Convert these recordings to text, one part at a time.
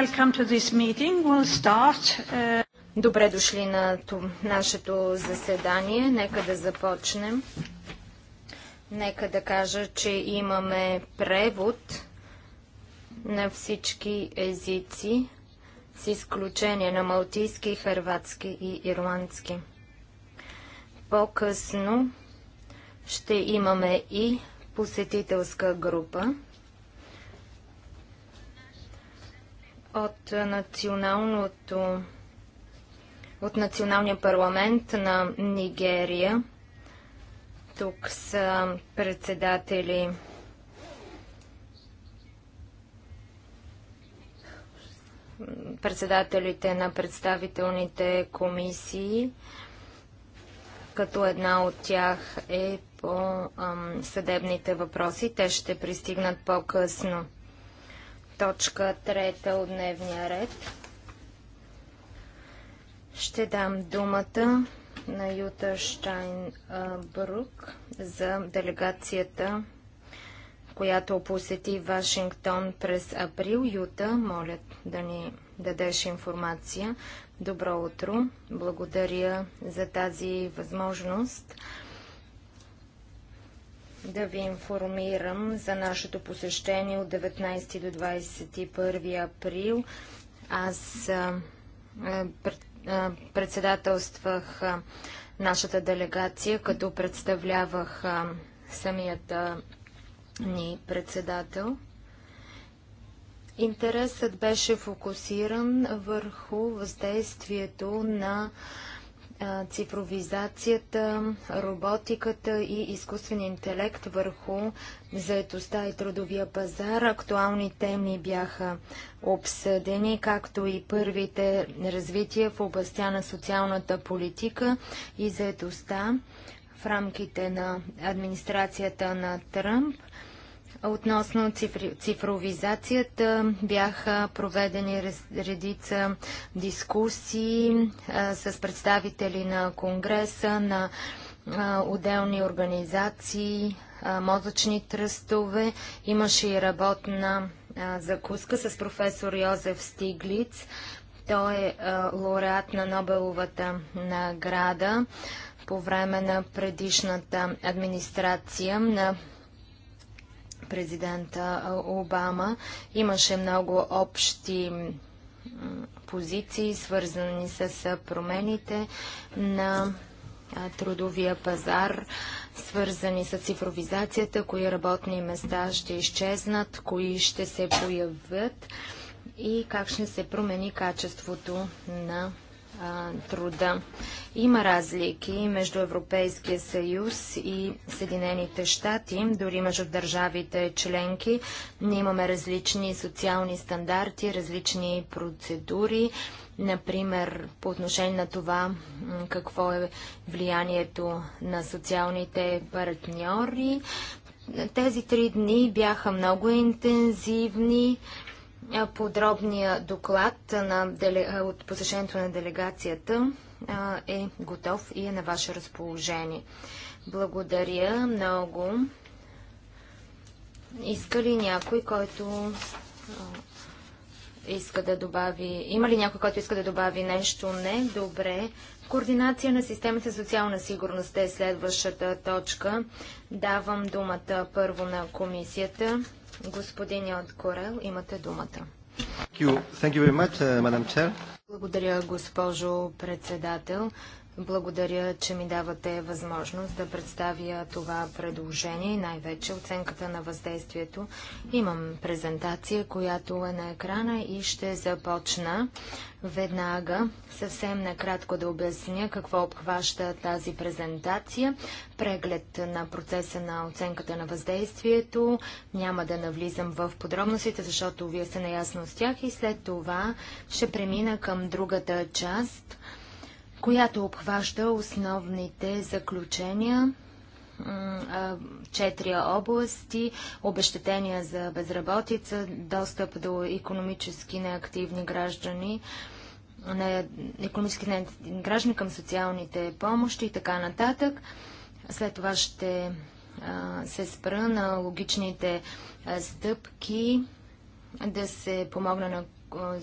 Welcome to this meeting. We'll start. Uh, Добре дошли на нашето заседание. Нека да започнем. Нека да кажа, че имаме превод на всички езици, с изключение на малтийски, хърватски и ирландски. По-късно ще имаме и посетителска група. от националното от националния парламент на Нигерия. Тук са председатели председателите на представителните комисии, като една от тях е по съдебните въпроси. Те ще пристигнат по-късно точка трета от дневния ред. Ще дам думата на Юта Штайнбрук за делегацията, която посети Вашингтон през април. Юта, моля да ни дадеш информация. Добро утро! Благодаря за тази възможност да ви информирам за нашето посещение от 19 до 21 април. Аз председателствах нашата делегация, като представлявах самият ни председател. Интересът беше фокусиран върху въздействието на цифровизацията, роботиката и изкуствения интелект върху заетостта и трудовия пазар. Актуални теми бяха обсъдени, както и първите развития в областта на социалната политика и заетостта в рамките на администрацията на Тръмп – Относно цифри, цифровизацията бяха проведени редица дискусии а, с представители на Конгреса, на а, отделни организации, а, мозъчни тръстове. Имаше и работна закуска с професор Йозеф Стиглиц. Той е лауреат на Нобеловата награда по време на предишната администрация на президента Обама. Имаше много общи позиции, свързани с промените на трудовия пазар, свързани с цифровизацията, кои работни места ще изчезнат, кои ще се появят и как ще се промени качеството на труда. Има разлики между Европейския съюз и Съединените щати, дори между държавите членки. Ние имаме различни социални стандарти, различни процедури. Например, по отношение на това какво е влиянието на социалните партньори. Тези три дни бяха много интензивни. Подробния доклад на, от посещението на делегацията е готов и е на ваше разположение. Благодаря много. Иска ли някой, който иска да добави... Има ли някой, който иска да добави нещо? Не. Добре. Координация на системата за социална сигурност е следващата точка. Давам думата първо на комисията. Господин Йод Корел, имате думата. Uh, Благодаря, госпожо председател. Благодаря, че ми давате възможност да представя това предложение и най-вече оценката на въздействието. Имам презентация, която е на екрана и ще започна веднага съвсем накратко да обясня какво обхваща тази презентация. Преглед на процеса на оценката на въздействието. Няма да навлизам в подробностите, защото вие сте наясно с тях и след това ще премина към другата част – която обхваща основните заключения четири области – обещетения за безработица, достъп до економически неактивни граждани, на економически неактивни граждани към социалните помощи и така нататък. След това ще а, се спра на логичните а, стъпки да се помогне на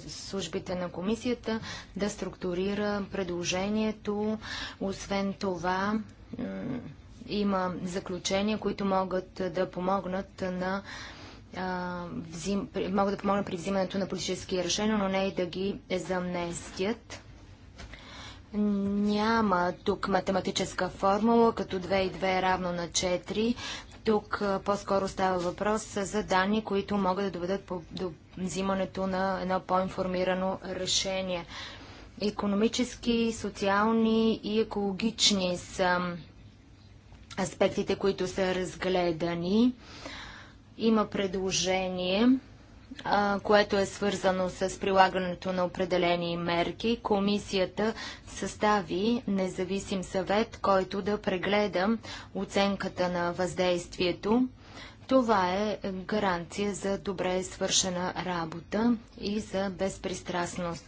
службите на комисията да структурира предложението. Освен това, има заключения, които могат да помогнат на взим, могат да помогнат при взимането на политически решения, но не и да ги замнестят. Няма тук математическа формула, като 2 и 2 е равно на 4, тук по-скоро става въпрос за данни, които могат да доведат до взимането на едно по-информирано решение. Економически, социални и екологични са аспектите, които са разгледани. Има предложение което е свързано с прилагането на определени мерки, комисията състави независим съвет, който да прегледа оценката на въздействието. Това е гаранция за добре свършена работа и за безпристрастност.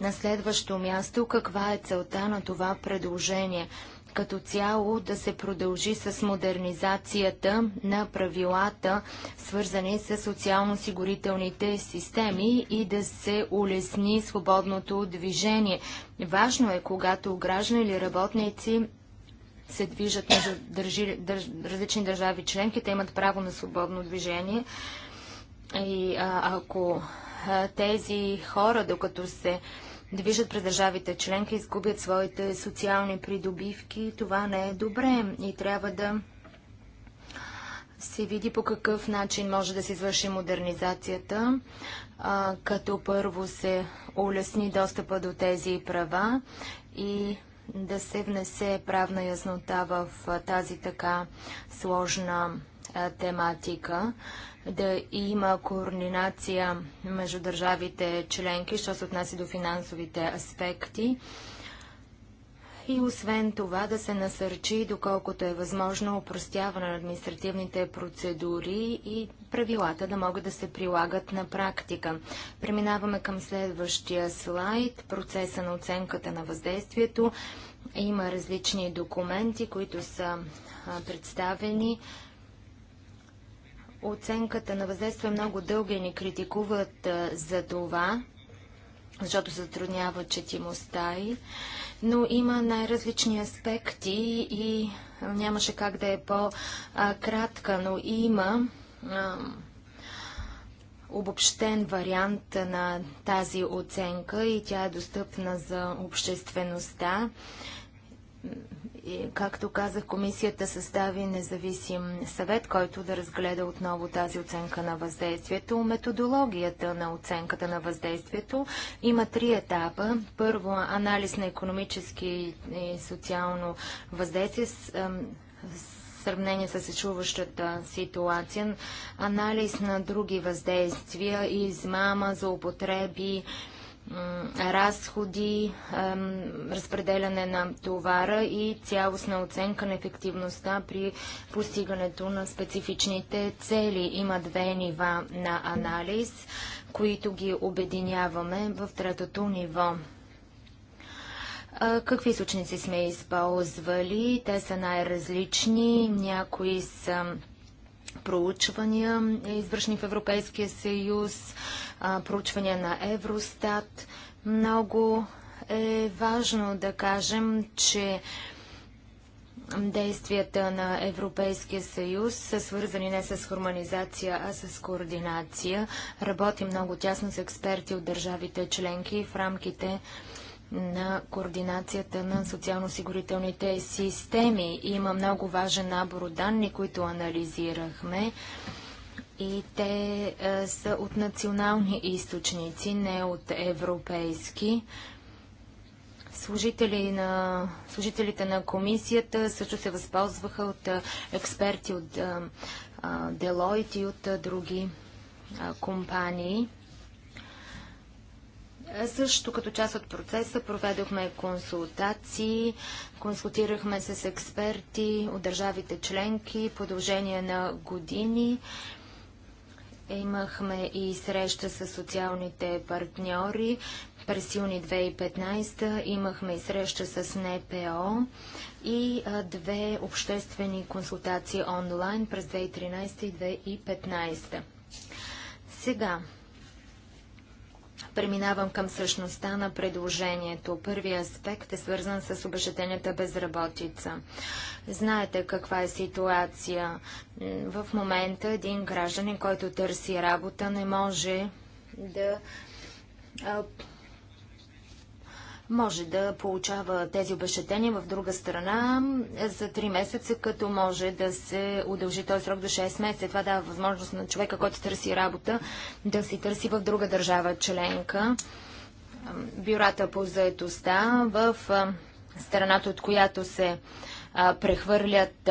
На следващо място, каква е целта на това предложение – като цяло да се продължи с модернизацията на правилата, свързани с социално-осигурителните системи и да се улесни свободното движение. Важно е, когато граждани или работници се движат между държи, държ, различни държави членки, те имат право на свободно движение. И а, ако а, тези хора, докато се а, движат през държавите членки, изгубят своите социални придобивки. Това не е добре и трябва да се види по какъв начин може да се извърши модернизацията, а, като първо се улесни достъпа до тези права и да се внесе правна яснота в тази така сложна а, тематика да има координация между държавите членки, що се отнася до финансовите аспекти. И освен това да се насърчи, доколкото е възможно, упростяване на административните процедури и правилата да могат да се прилагат на практика. Преминаваме към следващия слайд, процеса на оценката на въздействието. Има различни документи, които са представени. Оценката на въздействие е много дълга и ни критикуват а, за това, защото затруднява четимостта и, но има най-различни аспекти и нямаше как да е по-кратка, но има а, обобщен вариант на тази оценка и тя е достъпна за обществеността както казах, комисията състави независим съвет, който да разгледа отново тази оценка на въздействието. Методологията на оценката на въздействието има три етапа. Първо, анализ на економически и социално въздействие с, в сравнение с изчуващата ситуация, анализ на други въздействия, измама, злоупотреби, употреби, разходи, разпределяне на товара и цялостна оценка на ефективността при постигането на специфичните цели. Има две нива на анализ, които ги обединяваме в третото ниво. Какви източници сме използвали? Те са най-различни. Някои са проучвания, извършени в Европейския съюз, проучвания на Евростат. Много е важно да кажем, че действията на Европейския съюз са свързани не с хармонизация, а с координация. Работи много тясно с експерти от държавите членки в рамките на на координацията на социално-осигурителните системи. Има много важен набор от данни, които анализирахме и те е, са от национални източници, не от европейски. Служители на, служителите на комисията също се възползваха от е, експерти от е, Делойт и от други компании. Е, също като част от процеса проведохме консултации, консултирахме с експерти от държавите членки, продължение на години. Имахме и среща с социалните партньори. През юни 2015 имахме и среща с НПО и а, две обществени консултации онлайн през 2013 и 2015. Сега, Преминавам към същността на предложението. Първият аспект е свързан с обещетенията безработица. Знаете каква е ситуация. В момента един гражданин, който търси работа, не може да може да получава тези обещетения в друга страна за 3 месеца, като може да се удължи този срок до 6 месеца. Това дава възможност на човека, който търси работа, да си търси в друга държава членка. Бюрата по заетостта в страната, от която се прехвърлят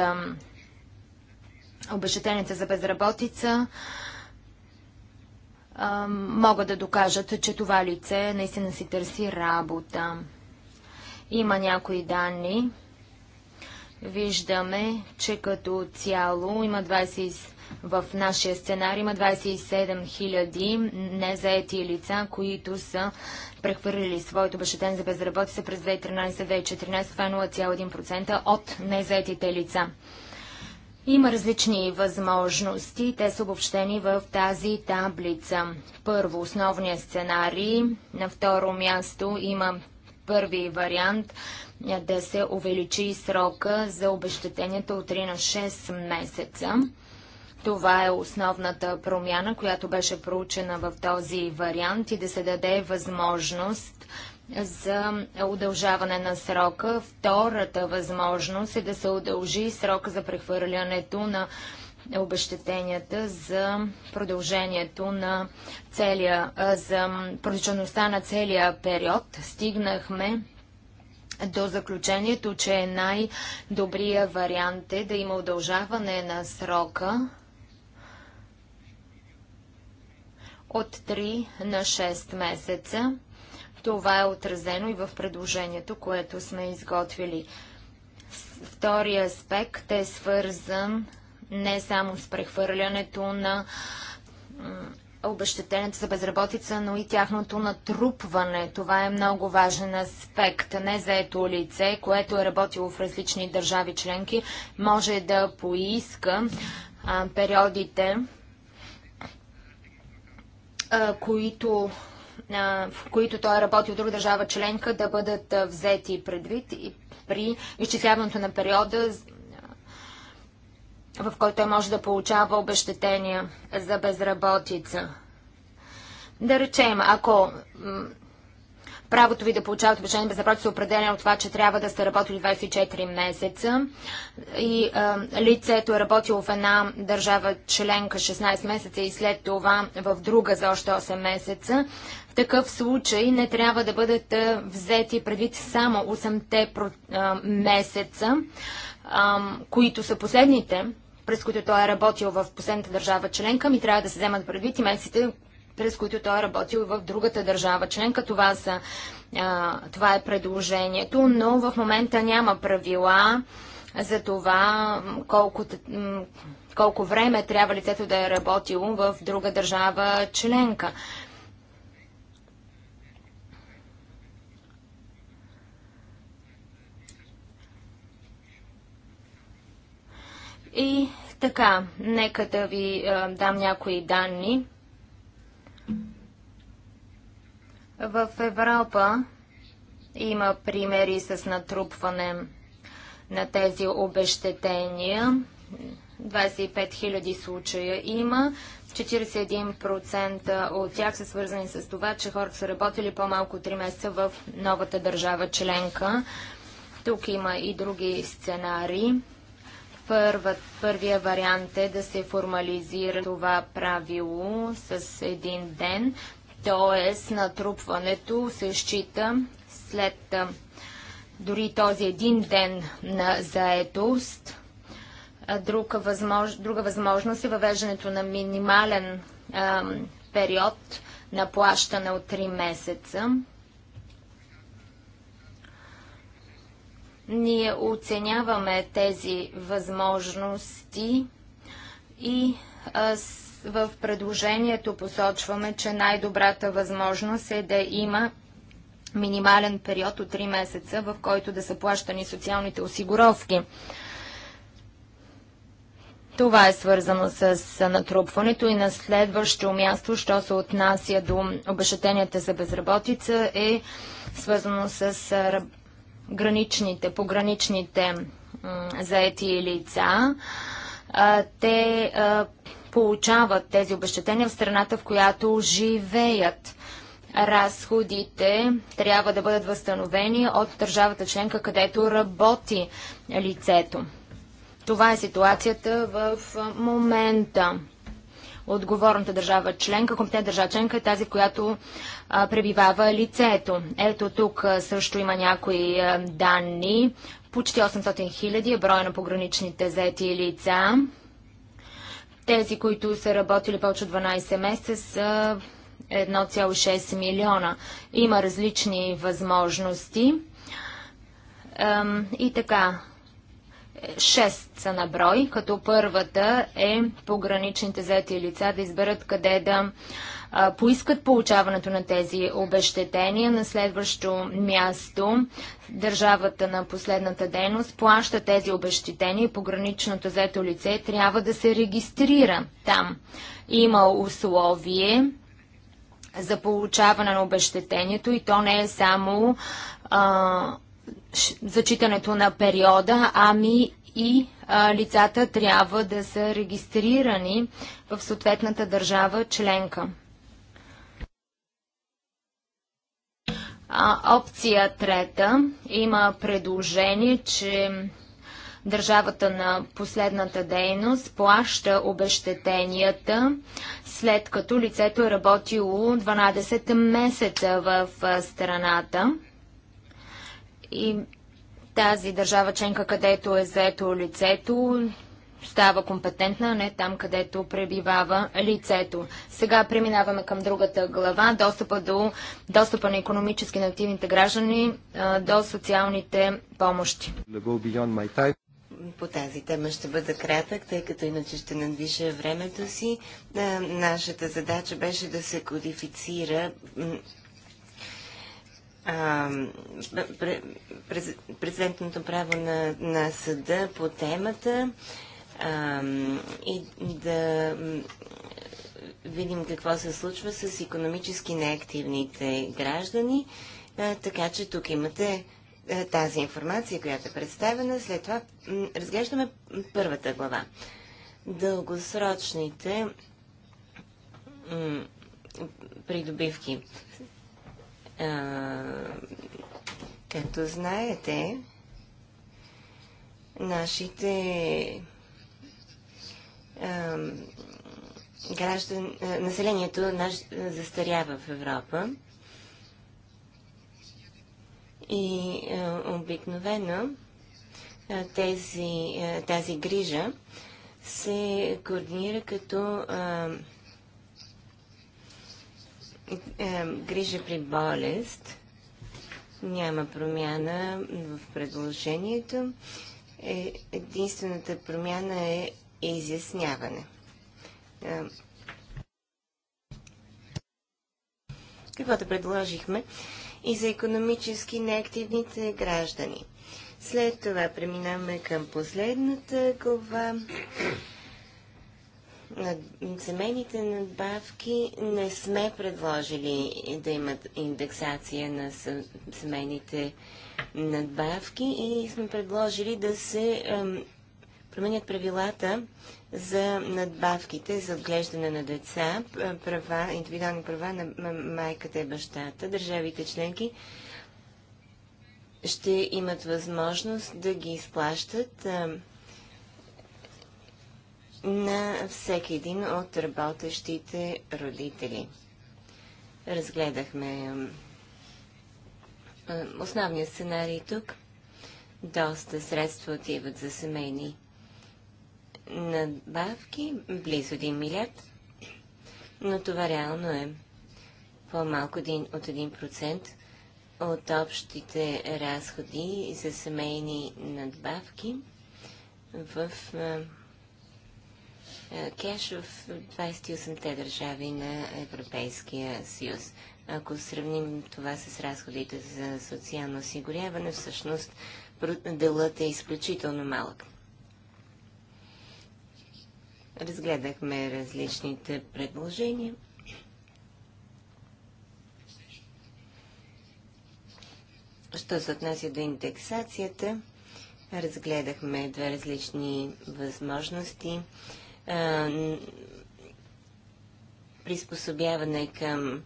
обещетенията за безработица, могат да докажат, че това лице наистина си търси работа. Има някои данни. Виждаме, че като цяло има 20, в нашия сценарий има 27 000 незаети лица, които са прехвърлили своето обещетение за безработица през 2013-2014. Това е 0,1% от незаетите лица. Има различни възможности. Те са обобщени в тази таблица. Първо, основния сценарий. На второ място има първи вариант е, да се увеличи срока за обещетенията от 3 на 6 месеца. Това е основната промяна, която беше проучена в този вариант и да се даде възможност за удължаване на срока. Втората възможност е да се удължи срока за прехвърлянето на обещетенията за продължението на целия, за продължеността на целия период. Стигнахме до заключението, че е най-добрия вариант е да има удължаване на срока от 3 на 6 месеца. Това е отразено и в предложението, което сме изготвили. Втория аспект е свързан не само с прехвърлянето на обещетението за безработица, но и тяхното натрупване. Това е много важен аспект. Не за ето лице, което е работило в различни държави членки, може да поиска периодите, които в които той е работил в друга държава членка, да бъдат взети предвид и при изчисляването на периода, в който той може да получава обещетения за безработица. Да речем, ако Правото ви да получавате обещание без заплата се определя от това, че трябва да сте работили 24 месеца и а, лицето е работило в една държава членка 16 месеца и след това в друга за още 8 месеца. В такъв случай не трябва да бъдат взети предвид само 8-те месеца, а, които са последните през които той е работил в последната държава членка, ми трябва да се вземат предвид и месеците, през които той е работил в другата държава членка. Това, са, а, това е предложението, но в момента няма правила за това колко, колко време трябва лицето да е работило в друга държава членка. И така, нека да ви а, дам някои данни. В Европа има примери с натрупване на тези обещетения. 25 000 случая има. 41% от тях са свързани с това, че хората са работили по-малко 3 месеца в новата държава членка. Тук има и други сценарии. Първат, първия вариант е да се формализира това правило с един ден, т.е. натрупването се счита след дори този един ден на заетост. Друга, възмож... друга възможност е въвеждането на минимален ам, период на плащане от 3 месеца. Ние оценяваме тези възможности и в предложението посочваме, че най-добрата възможност е да има минимален период от 3 месеца, в който да са плащани социалните осигуровки. Това е свързано с натрупването и на следващо място, що се отнася до обещетенията за безработица, е свързано с граничните, пограничните заети лица, те получават тези обещетения в страната, в която живеят. Разходите трябва да бъдат възстановени от държавата членка, където работи лицето. Това е ситуацията в момента. Отговорната държава членка, компетентна държава членка е тази, която пребивава лицето. Ето тук също има някои данни. Почти 800 хиляди е броя на пограничните заети лица. Тези, които са работили повече от 12 месеца, са 1,6 милиона. Има различни възможности. И така, Шест са на брой, като първата е пограничните заети лица да изберат къде да поискат получаването на тези обещетения. На следващо място държавата на последната дейност плаща тези обещетения и пограничното заето лице трябва да се регистрира там. Има условие за получаване на обещетението и то не е само а, зачитането на периода, ами и а, лицата трябва да са регистрирани в съответната държава членка. А, опция трета има предложение, че държавата на последната дейност плаща обещетенията, след като лицето е работило 12 месеца в страната. И тази държава членка, където е заето лицето, става компетентна, а не там, където пребивава лицето. Сега преминаваме към другата глава. Достъпа, до, достъпа на економически на активните граждани до социалните помощи. По тази тема ще бъда кратък, тъй като иначе ще надвиша времето си. Нашата задача беше да се кодифицира президентното право на, на съда по темата а, и да видим какво се случва с економически неактивните граждани. А, така че тук имате а, тази информация, която е представена. След това разглеждаме първата глава. Дългосрочните придобивки. Както знаете, нашите граждан, населението наш, застарява в Европа и обикновено тези, тази грижа се координира като е, грижа при болест. Няма промяна в предложението. Е, единствената промяна е изясняване. Е, каквото предложихме и за економически неактивните граждани. След това преминаваме към последната глава семейните надбавки не сме предложили да имат индексация на семейните надбавки и сме предложили да се променят правилата за надбавките за отглеждане на деца, права, индивидуални права на майката и бащата. Държавите членки ще имат възможност да ги изплащат на всеки един от работещите родители. Разгледахме основния сценарий тук. Доста средства отиват за семейни надбавки, близо 1 милиард, но това реално е по-малко от 1% от общите разходи за семейни надбавки в кеш в 28-те държави на Европейския съюз. Ако сравним това с разходите за социално осигуряване, всъщност делът е изключително малък. Разгледахме различните предложения. Що се отнася до индексацията, разгледахме две различни възможности приспособяване към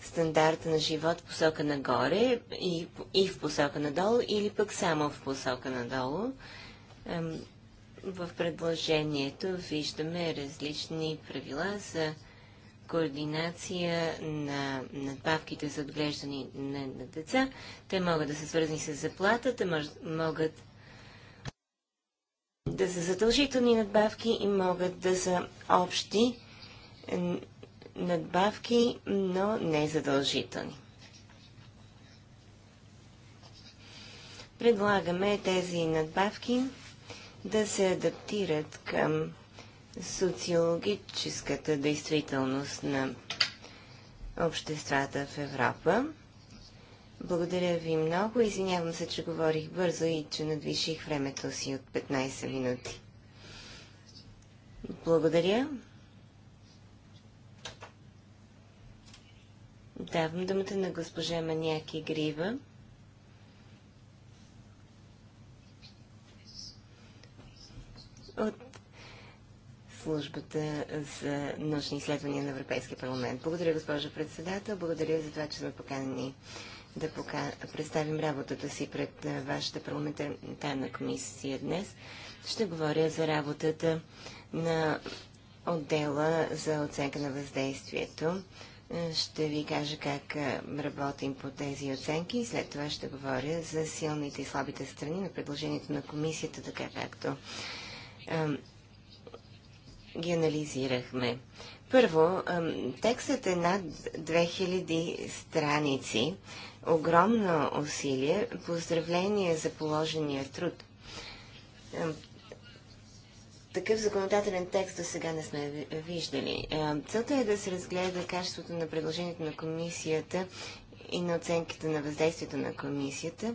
стандарта на живот в посока нагоре и, и в посока надолу, или пък само в посока надолу. в предложението виждаме различни правила за координация на надбавките за отглеждане на, на деца. Те могат да са свързани с заплатата, могат да са задължителни надбавки и могат да са общи надбавки, но не задължителни. Предлагаме тези надбавки да се адаптират към социологическата действителност на обществата в Европа благодаря ви много. Извинявам се, че говорих бързо и че надвиших времето си от 15 минути. Благодаря. Давам думата на госпожа Маняки Грива. От службата за научни изследвания на Европейския парламент. Благодаря, госпожа председател. Благодаря за това, че сме поканени да пока... представим работата си пред вашата парламентарна комисия днес. Ще говоря за работата на отдела за оценка на въздействието. Ще ви кажа как работим по тези оценки и след това ще говоря за силните и слабите страни на предложението на комисията, така както ги анализирахме. Първо, текстът е над 2000 страници огромно усилие. Поздравление за положения труд. Такъв законодателен текст до сега не сме виждали. Целта е да се разгледа качеството на предложението на комисията и на оценките на въздействието на комисията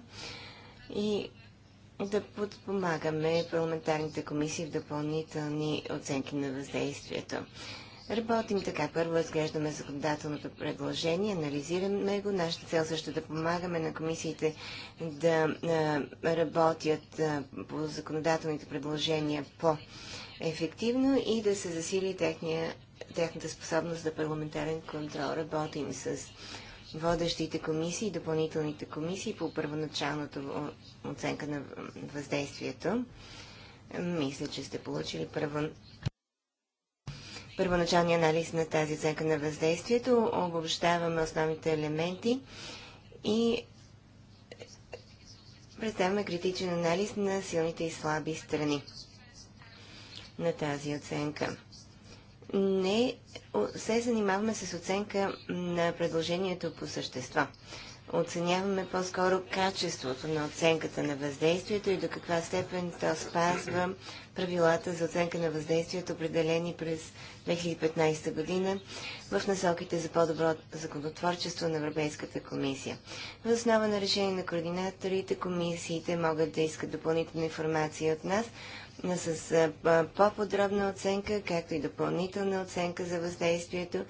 и да подпомагаме парламентарните комисии в допълнителни оценки на въздействието. Работим така. Първо разглеждаме законодателното предложение, анализираме го. Нашата цел също е да помагаме на комисиите да работят по законодателните предложения по-ефективно и да се засили техния, техната способност за парламентарен контрол. Работим с водещите комисии допълнителните комисии по първоначалното оценка на въздействието. Мисля, че сте получили първо първоначалния анализ на тази оценка на въздействието, обобщаваме основните елементи и представяме критичен анализ на силните и слаби страни на тази оценка. Не се занимаваме с оценка на предложението по същество оценяваме по-скоро качеството на оценката на въздействието и до каква степен то спазва правилата за оценка на въздействието, определени през 2015 година в насоките за по-добро законотворчество на Европейската комисия. В основа на решение на координаторите, комисиите могат да искат допълнителна информация от нас с по-подробна оценка, както и допълнителна оценка за въздействието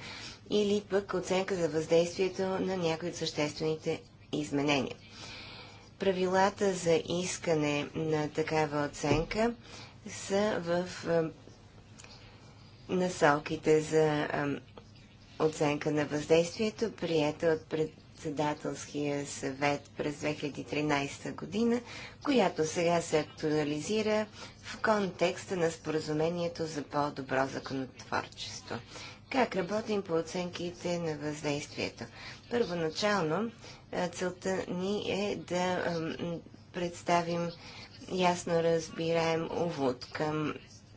или пък оценка за въздействието на някои от съществените изменения. Правилата за искане на такава оценка са в насоките за оценка на въздействието, прията от председателския съвет през 2013 година, която сега се актуализира в контекста на споразумението за по-добро законотворчество. Как работим по оценките на въздействието? Първоначално целта ни е да представим ясно разбираем увод към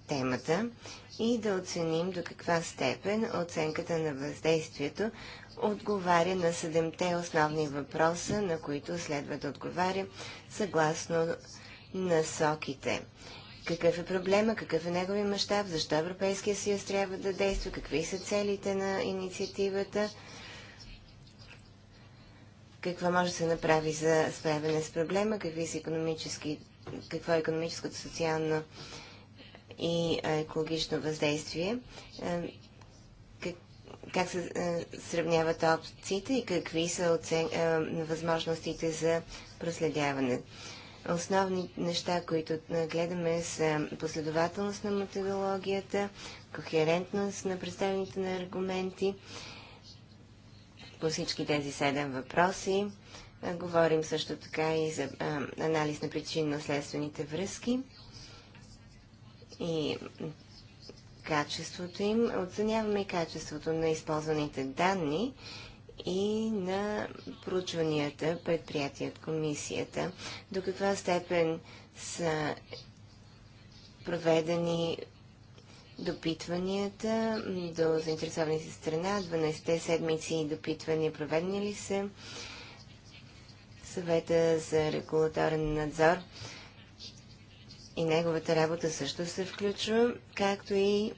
темата и да оценим до каква степен оценката на въздействието отговаря на седемте основни въпроса, на които следва да отговаря съгласно насоките. Какъв е проблема, какъв е негови мащаб, защо Европейския съюз трябва да действа, какви са целите на инициативата, какво може да се направи за справяне с проблема, какви са економически, какво е економическото, социално и екологично въздействие. Е, как се е, сравняват опциите и какви са оцен... Е, възможностите за проследяване. Основни неща, които е, гледаме са последователност на методологията, кохерентност на представените на аргументи по всички тези седем въпроси. Говорим също така и за а, анализ на причинно-следствените връзки и качеството им, оценяваме и качеството на използваните данни и на проучванията, предприятия от комисията, до каква степен са проведени допитванията до заинтересованите страна, 12-те седмици допитвания проведени ли са, съвета за регулаторен надзор и неговата работа също се включва, както и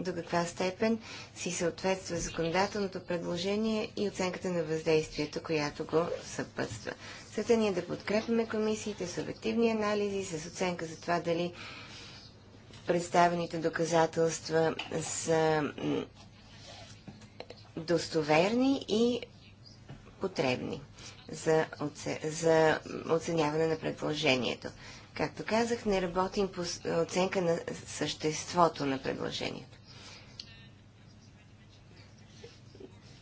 до каква степен си съответства законодателното предложение и оценката на въздействието, която го съпътства. Целта ни е да подкрепяме комисиите с обективни анализи, с оценка за това дали представените доказателства са достоверни и потребни за, оце... за оценяване на предложението. Както казах, не работим по оценка на съществото на предложението.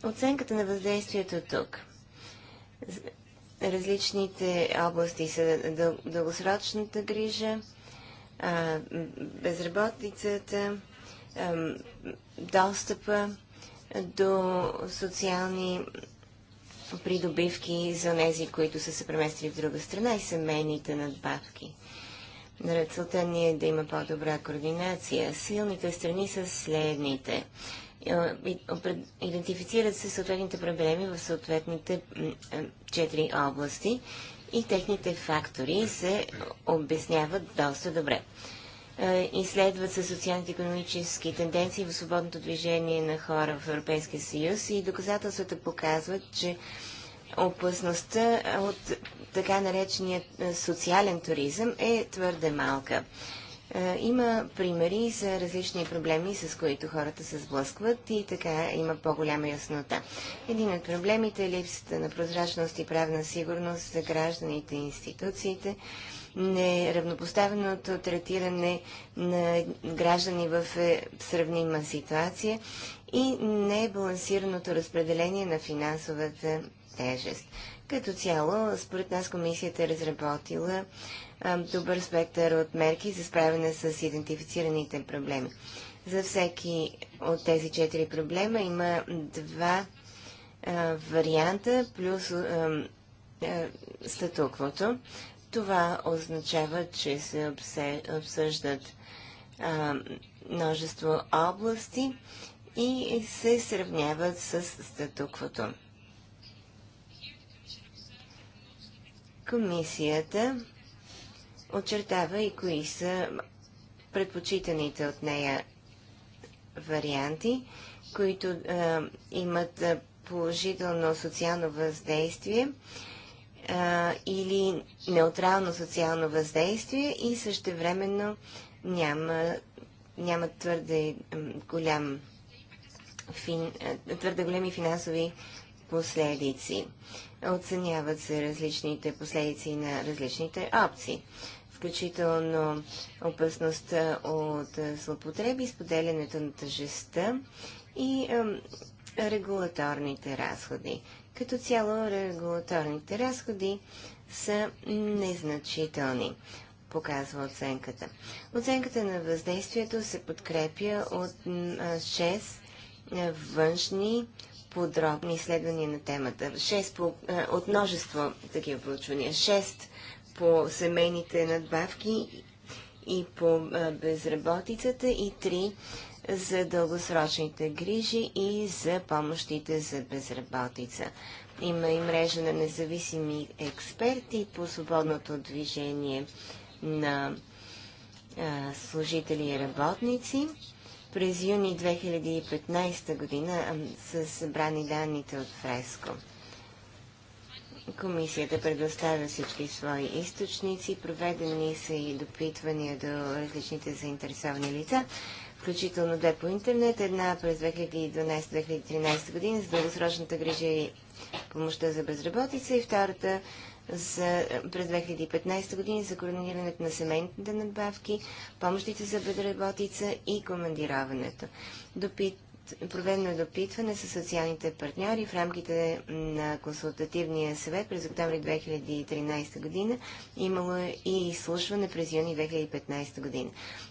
Оценката на въздействието е тук. Различните области са дългосрочната грижа, безработицата, достъпа до социални придобивки за тези, които са се преместили в друга страна и семейните надбавки. Целта ни е да има по-добра координация. Силните страни са следните. Е, идентифицират се съответните проблеми в съответните е, четири области и техните фактори се обясняват доста добре. Е, изследват се социално-економически тенденции в свободното движение на хора в Европейския съюз и доказателствата показват, че опасността от така наречения е, социален туризъм е твърде малка. Е, има примери за различни проблеми, с които хората се сблъскват и така има по-голяма яснота. Един от проблемите е липсата на прозрачност и правна сигурност за гражданите и институциите, неравнопоставеното третиране на граждани е, в сравнима ситуация и небалансираното разпределение на финансовата тежест. Като цяло, според нас комисията е разработила добър спектър от мерки за справяне с идентифицираните проблеми. За всеки от тези четири проблема има два а, варианта плюс а, статуквото. Това означава, че се обсъждат а, множество области и се сравняват с статуквото. Комисията очертава и кои са предпочитаните от нея варианти, които а, имат положително социално въздействие а, или неутрално социално въздействие и същевременно няма, няма твърде голям фин, твърде големи финансови последици. Оценяват се различните последици на различните опции, включително опасността от злопотреби, споделянето на тъжестта и а, регулаторните разходи. Като цяло регулаторните разходи са незначителни, показва оценката. Оценката на въздействието се подкрепя от 6 външни подробни изследвания на темата. 6 по, от множество такива проучвания. 6 по семейните надбавки и по безработицата и 3 за дългосрочните грижи и за помощите за безработица. Има и мрежа на независими експерти по свободното движение на служители и работници. През юни 2015 година са събрани данните от Фреско. Комисията предоставя всички свои източници, проведени са и допитвания до различните заинтересовани лица включително две по интернет, една през 2012-2013 година за дългосрочната грижа и помощта за безработица и втората за, през 2015 година за координирането на семейните надбавки, помощите за безработица и командироването. Допит, проведено е допитване с социалните партньори в рамките на консултативния съвет през октомври 2013 година. Имало е и изслушване през юни 2015 година.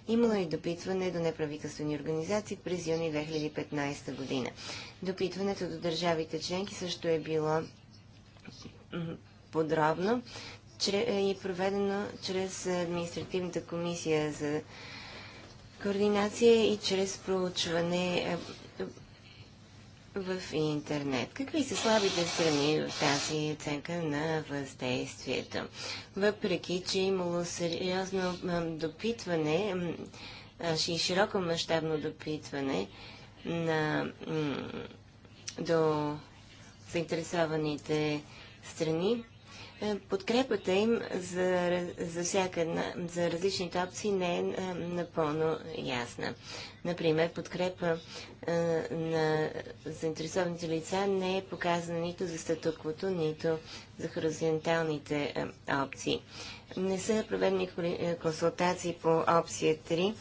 Имало е и допитване до неправителствени организации през юни 2015 година. Допитването до държавите членки също е било подробно е и проведено чрез административната комисия за координация и чрез проучване е, в интернет. Какви са слабите страни в тази оценка на въздействието? Въпреки, че е имало сериозно допитване и широко мащабно допитване на, до заинтересованите страни, е, подкрепата им за, за, всяка за различните опции не е, е напълно ясна. Например, подкрепа е, на заинтересованите лица не е показана нито за статуквото, нито за хоризонталните опции. Не са проведени консултации по опция 3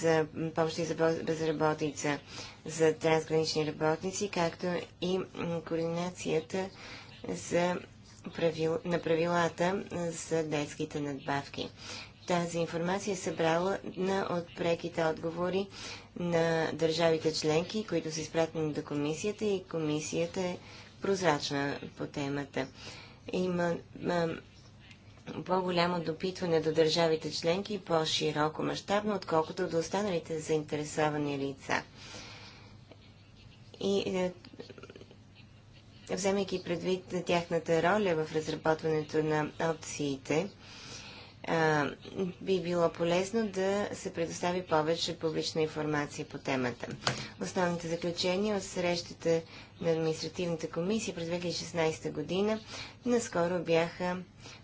за помощи за безработица за трансгранични работници, както и координацията за правил, на правилата за детските надбавки. Тази информация е събрала на от преките отговори на държавите членки, които са изпратени до комисията и комисията е прозрачна по темата. Има по-голямо допитване до държавите членки, и по-широко мащабно, отколкото до останалите заинтересовани лица. И е, вземайки предвид на тяхната роля в разработването на опциите, би било полезно да се предостави повече публична информация по темата. Основните заключения от срещата на Административната комисия през 2016 година наскоро бяха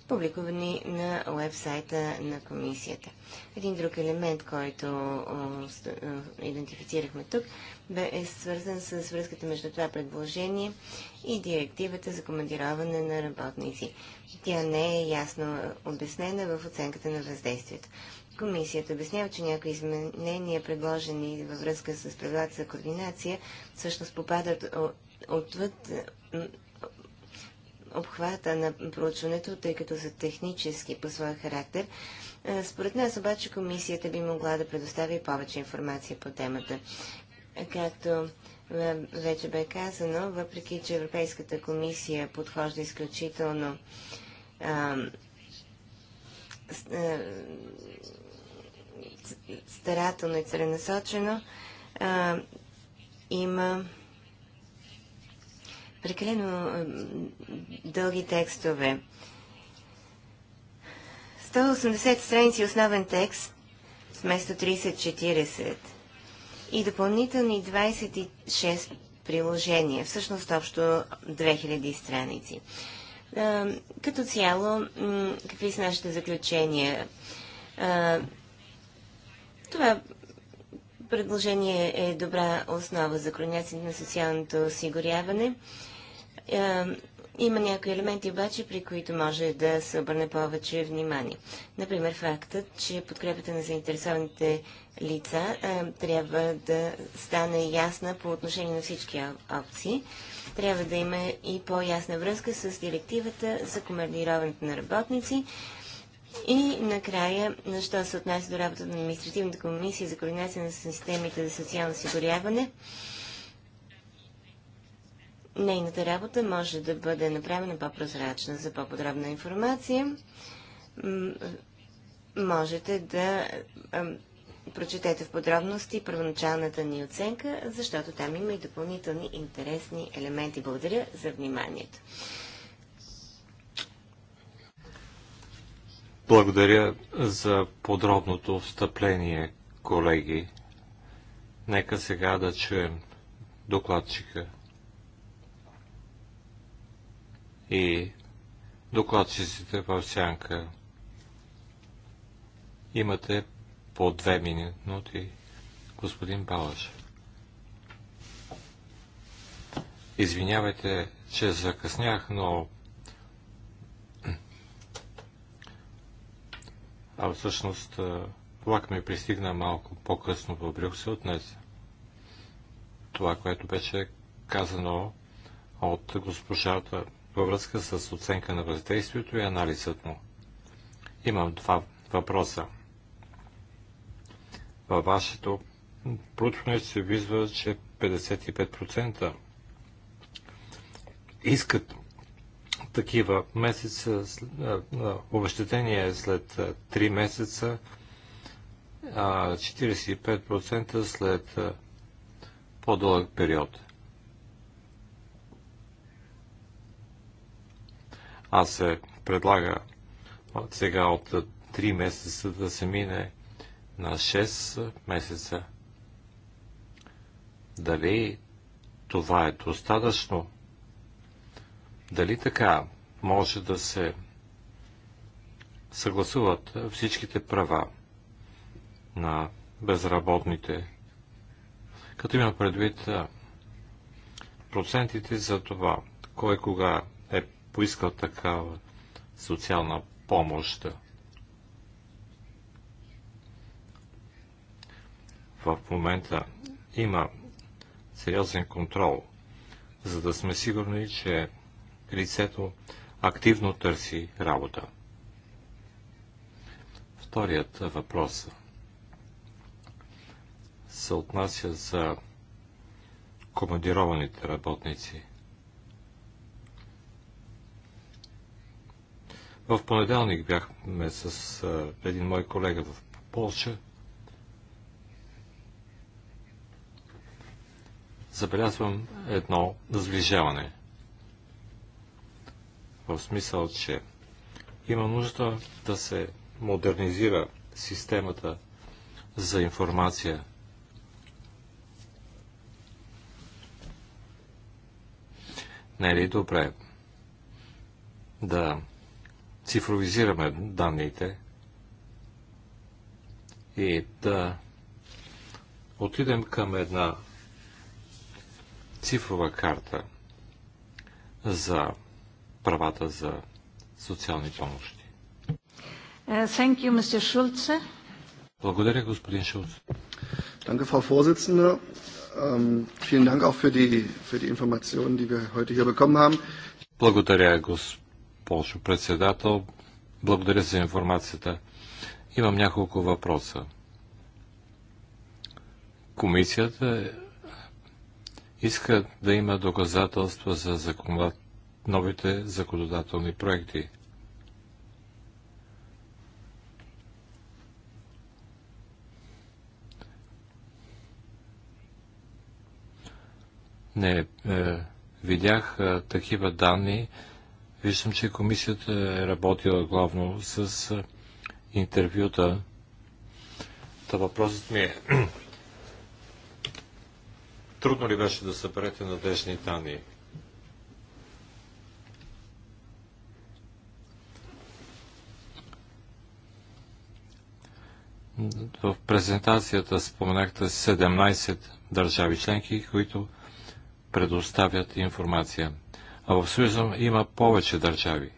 публикувани на уебсайта на комисията. Един друг елемент, който идентифицирахме тук, е свързан с връзката между това предложение и директивата за командироване на работници. Тя не е ясно обяснена в оценката на въздействието. Комисията обяснява, че някои изменения, предложени във връзка с правилата за координация, всъщност попадат отвъд обхвата на проучването, тъй като са технически по своя характер. Е, според нас обаче комисията би могла да предостави повече информация по темата както е, вече бе казано, въпреки че Европейската комисия подхожда изключително а, е, старателно и целенасочено, а, има прекалено е, дълги текстове. 180 страници основен текст вместо 30-40 и допълнителни 26 приложения, всъщност общо 2000 страници. Като цяло, какви са нашите заключения? Това предложение е добра основа за кроняците на социалното осигуряване има някои елементи обаче, при които може да се обърне повече внимание. Например, фактът, че подкрепата на заинтересованите лица е, трябва да стане ясна по отношение на всички опции. Трябва да има и по-ясна връзка с директивата за командироването на работници. И накрая, на що се отнася до работата на административната комисия за координация на системите за социално осигуряване, Нейната работа може да бъде направена по-прозрачна за по-подробна информация. Можете да прочетете в подробности първоначалната ни оценка, защото там има и допълнителни интересни елементи. Благодаря за вниманието. Благодаря за подробното встъпление, колеги. Нека сега да чуем докладчика. и докладчиците в сянка. Имате по две минути, господин Балаш. Извинявайте, че закъснях, но а всъщност влак ми пристигна малко по-късно в Брюксел днес. Това, което беше казано от госпожата във връзка с оценка на въздействието и анализът му. Имам два въпроса. Във вашето проучване се вижда, че 55% искат такива месеца, обещетение след 3 месеца, 45% след по-дълъг период. Аз се предлага от сега от 3 месеца да се мине на 6 месеца. Дали това е достатъчно? Дали така може да се съгласуват всичките права на безработните, като има предвид процентите за това, кой кога е поискал такава социална помощ. В момента има сериозен контрол, за да сме сигурни, че лицето активно търси работа. Вторият въпрос се отнася за командированите работници. В понеделник бяхме с един мой колега в Полша. Забелязвам едно разближаване. В смисъл, че има нужда да се модернизира системата за информация. Не е ли добре да цифровизираме данните и да отидем към една цифрова карта за правата за социални помощи. Е, thank you, Mr. Schulze. Благодаря, господин Шулц. Danke, Frau Vorsitzende. Ähm, vielen Dank auch für die, für die Informationen, die wir heute hier bekommen haben. Благодаря, господин Полшо председател. Благодаря за информацията. Имам няколко въпроса. Комисията иска да има доказателства за новите законодателни проекти. Не, е, видях е, такива данни, е, Виждам, че комисията е работила главно с интервюта. Та въпросът ми е трудно ли беше да съберете надежни данни? В презентацията споменахте 17 държави членки, които предоставят информация а в Съюза има повече държави.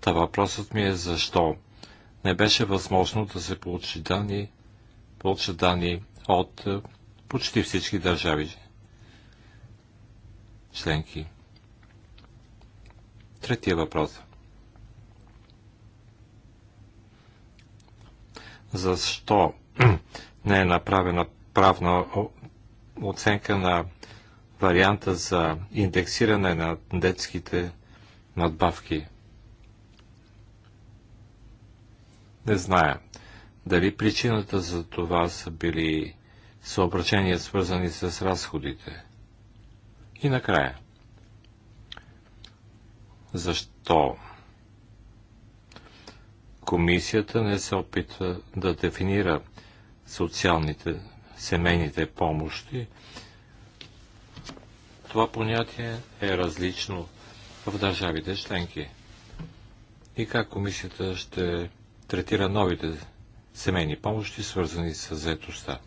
Та въпросът ми е защо не беше възможно да се получи данни, получат данни от е, почти всички държави членки. Третия въпрос. Защо не е направена правна оценка на варианта за индексиране на детските надбавки. Не зная дали причината за това са били съображения, свързани с разходите. И накрая. Защо комисията не се опитва да дефинира социалните, семейните помощи това понятие е различно в държавите членки. И как комисията ще третира новите семейни помощи, свързани с заетостта.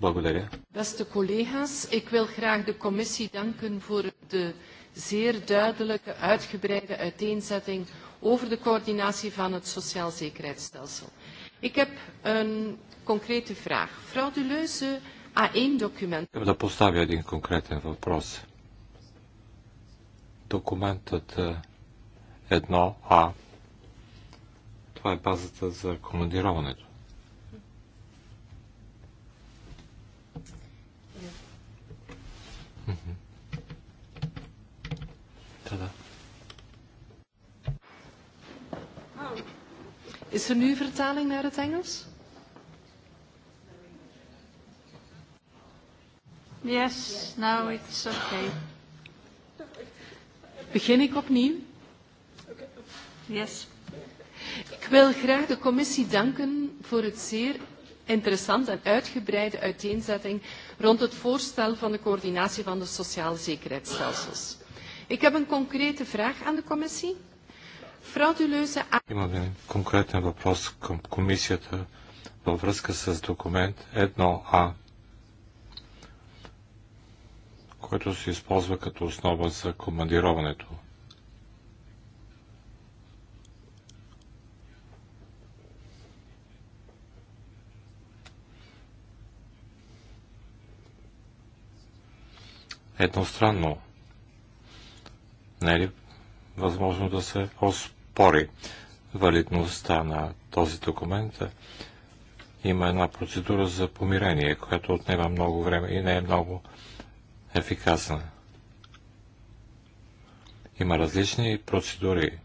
Благодаря. Beste collega's, ik wil graag de commissie danken voor de zeer duidelijke, uitgebreide uiteenzetting over de coördinatie van het sociaal zekerheidsstelsel. Ik heb een concrete vraag. Frauduleuze A1-documenten... Ik heb daar поставя един конкретен въпрос документът е 1А. Това е базата за командироването. Is er nu vertaling naar het Engels? Yes, now it's okay. Begin ik opnieuw? Yes. Ik wil graag de commissie danken voor het zeer interessante en uitgebreide uiteenzetting rond het voorstel van de coördinatie van de sociale zekerheidsstelsels. Ik heb een concrete vraag aan de commissie. Frauduleuze... Ik heb Имам един конкретен въпрос към комисията във връзка с документ 1А което се използва като основа за командироването. Едностранно. Не е ли възможно да се оспори валидността на този документ? Има една процедура за помирение, която отнема много време и не е много ефикасна. Има различни процедури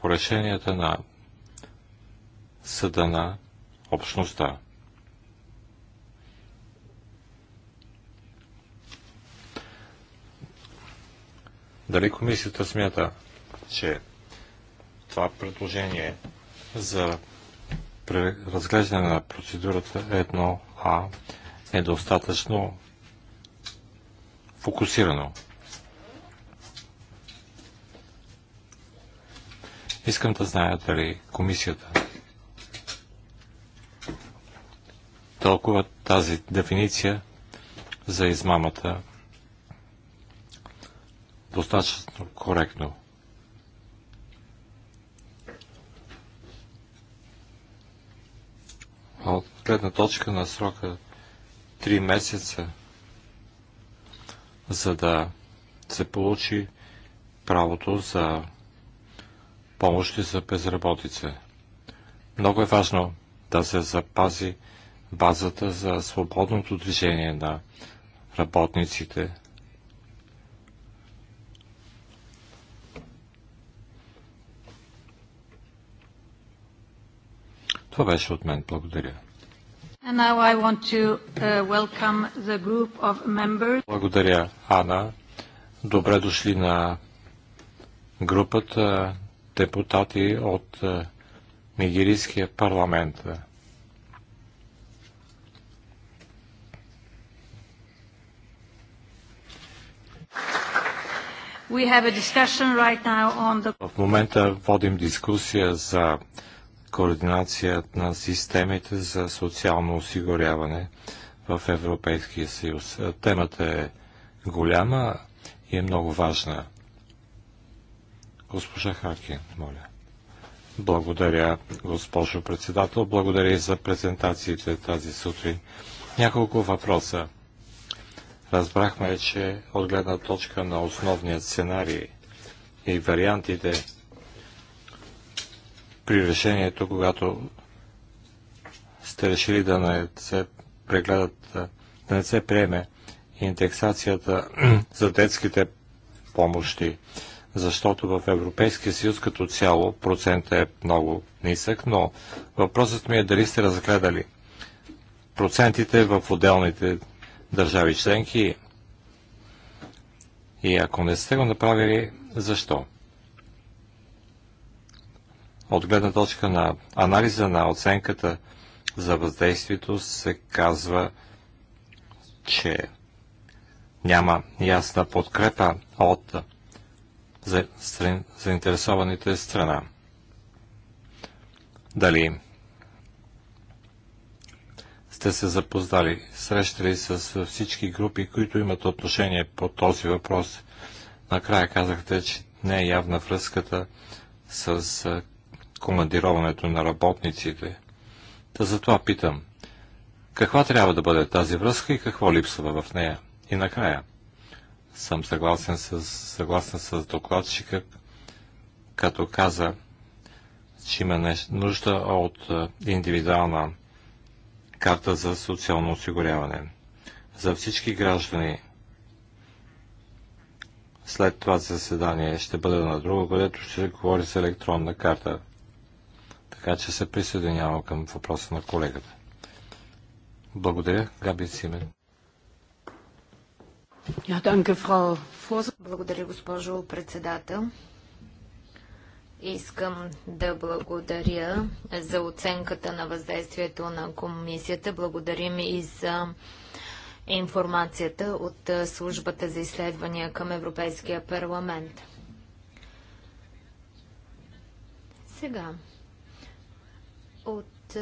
по решенията на съда на общността. Дали комисията смята, че това предложение за Разглеждане на процедурата 1А е достатъчно фокусирано. Искам да зная дали комисията толкова тази дефиниция за измамата достатъчно коректно. А от гледна точка на срока 3 месеца, за да се получи правото за помощи за безработица. Много е важно да се запази базата за свободното движение на работниците Това беше от мен. Благодаря. Uh, Благодаря, Ана. Добре дошли на групата депутати от е, Нигерийския парламент. Right the... В момента водим дискусия за координацият на системите за социално осигуряване в Европейския съюз. Е, темата е голяма и е много важна. Госпожа Харкин, моля. Благодаря, госпожо председател. Благодаря и за презентациите тази сутрин. Няколко въпроса. Разбрахме, че от гледна точка на основния сценарий и вариантите при решението, когато сте решили да не се прегледат, да не се приеме индексацията за детските помощи, защото в Европейския съюз като цяло процентът е много нисък, но въпросът ми е дали сте разгледали процентите в отделните държави членки и ако не сте го направили, защо? От гледна точка на анализа на оценката за въздействието се казва, че няма ясна подкрепа от заинтересованите страна. Дали сте се запознали, срещали с всички групи, които имат отношение по този въпрос. Накрая казахте, че не е явна връзката с командироването на работниците. Та затова питам, каква трябва да бъде тази връзка и какво липсва в нея? И накрая, съм съгласен с, съгласен с докладчика, като каза, че има нужда от индивидуална карта за социално осигуряване за всички граждани. След това заседание ще бъде на друго, където ще говори за електронна карта. Така че се присъединявам към въпроса на колегата. Благодаря, Габи Симен. Благодаря, госпожо председател. Искам да благодаря за оценката на въздействието на комисията. Благодарим и за информацията от службата за изследвания към Европейския парламент. Сега, от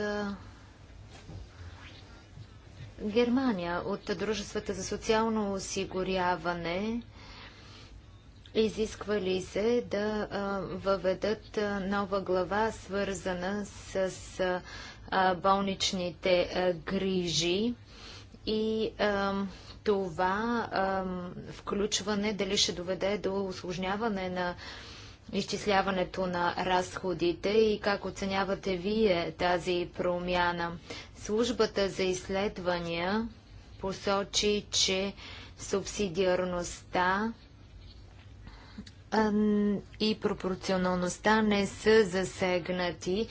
Германия, от Дружествата за социално осигуряване, изисквали се да въведат нова глава, свързана с болничните грижи и това включване дали ще доведе до осложняване на изчисляването на разходите и как оценявате вие тази промяна? Службата за изследвания посочи, че субсидиарността и пропорционалността не са засегнати.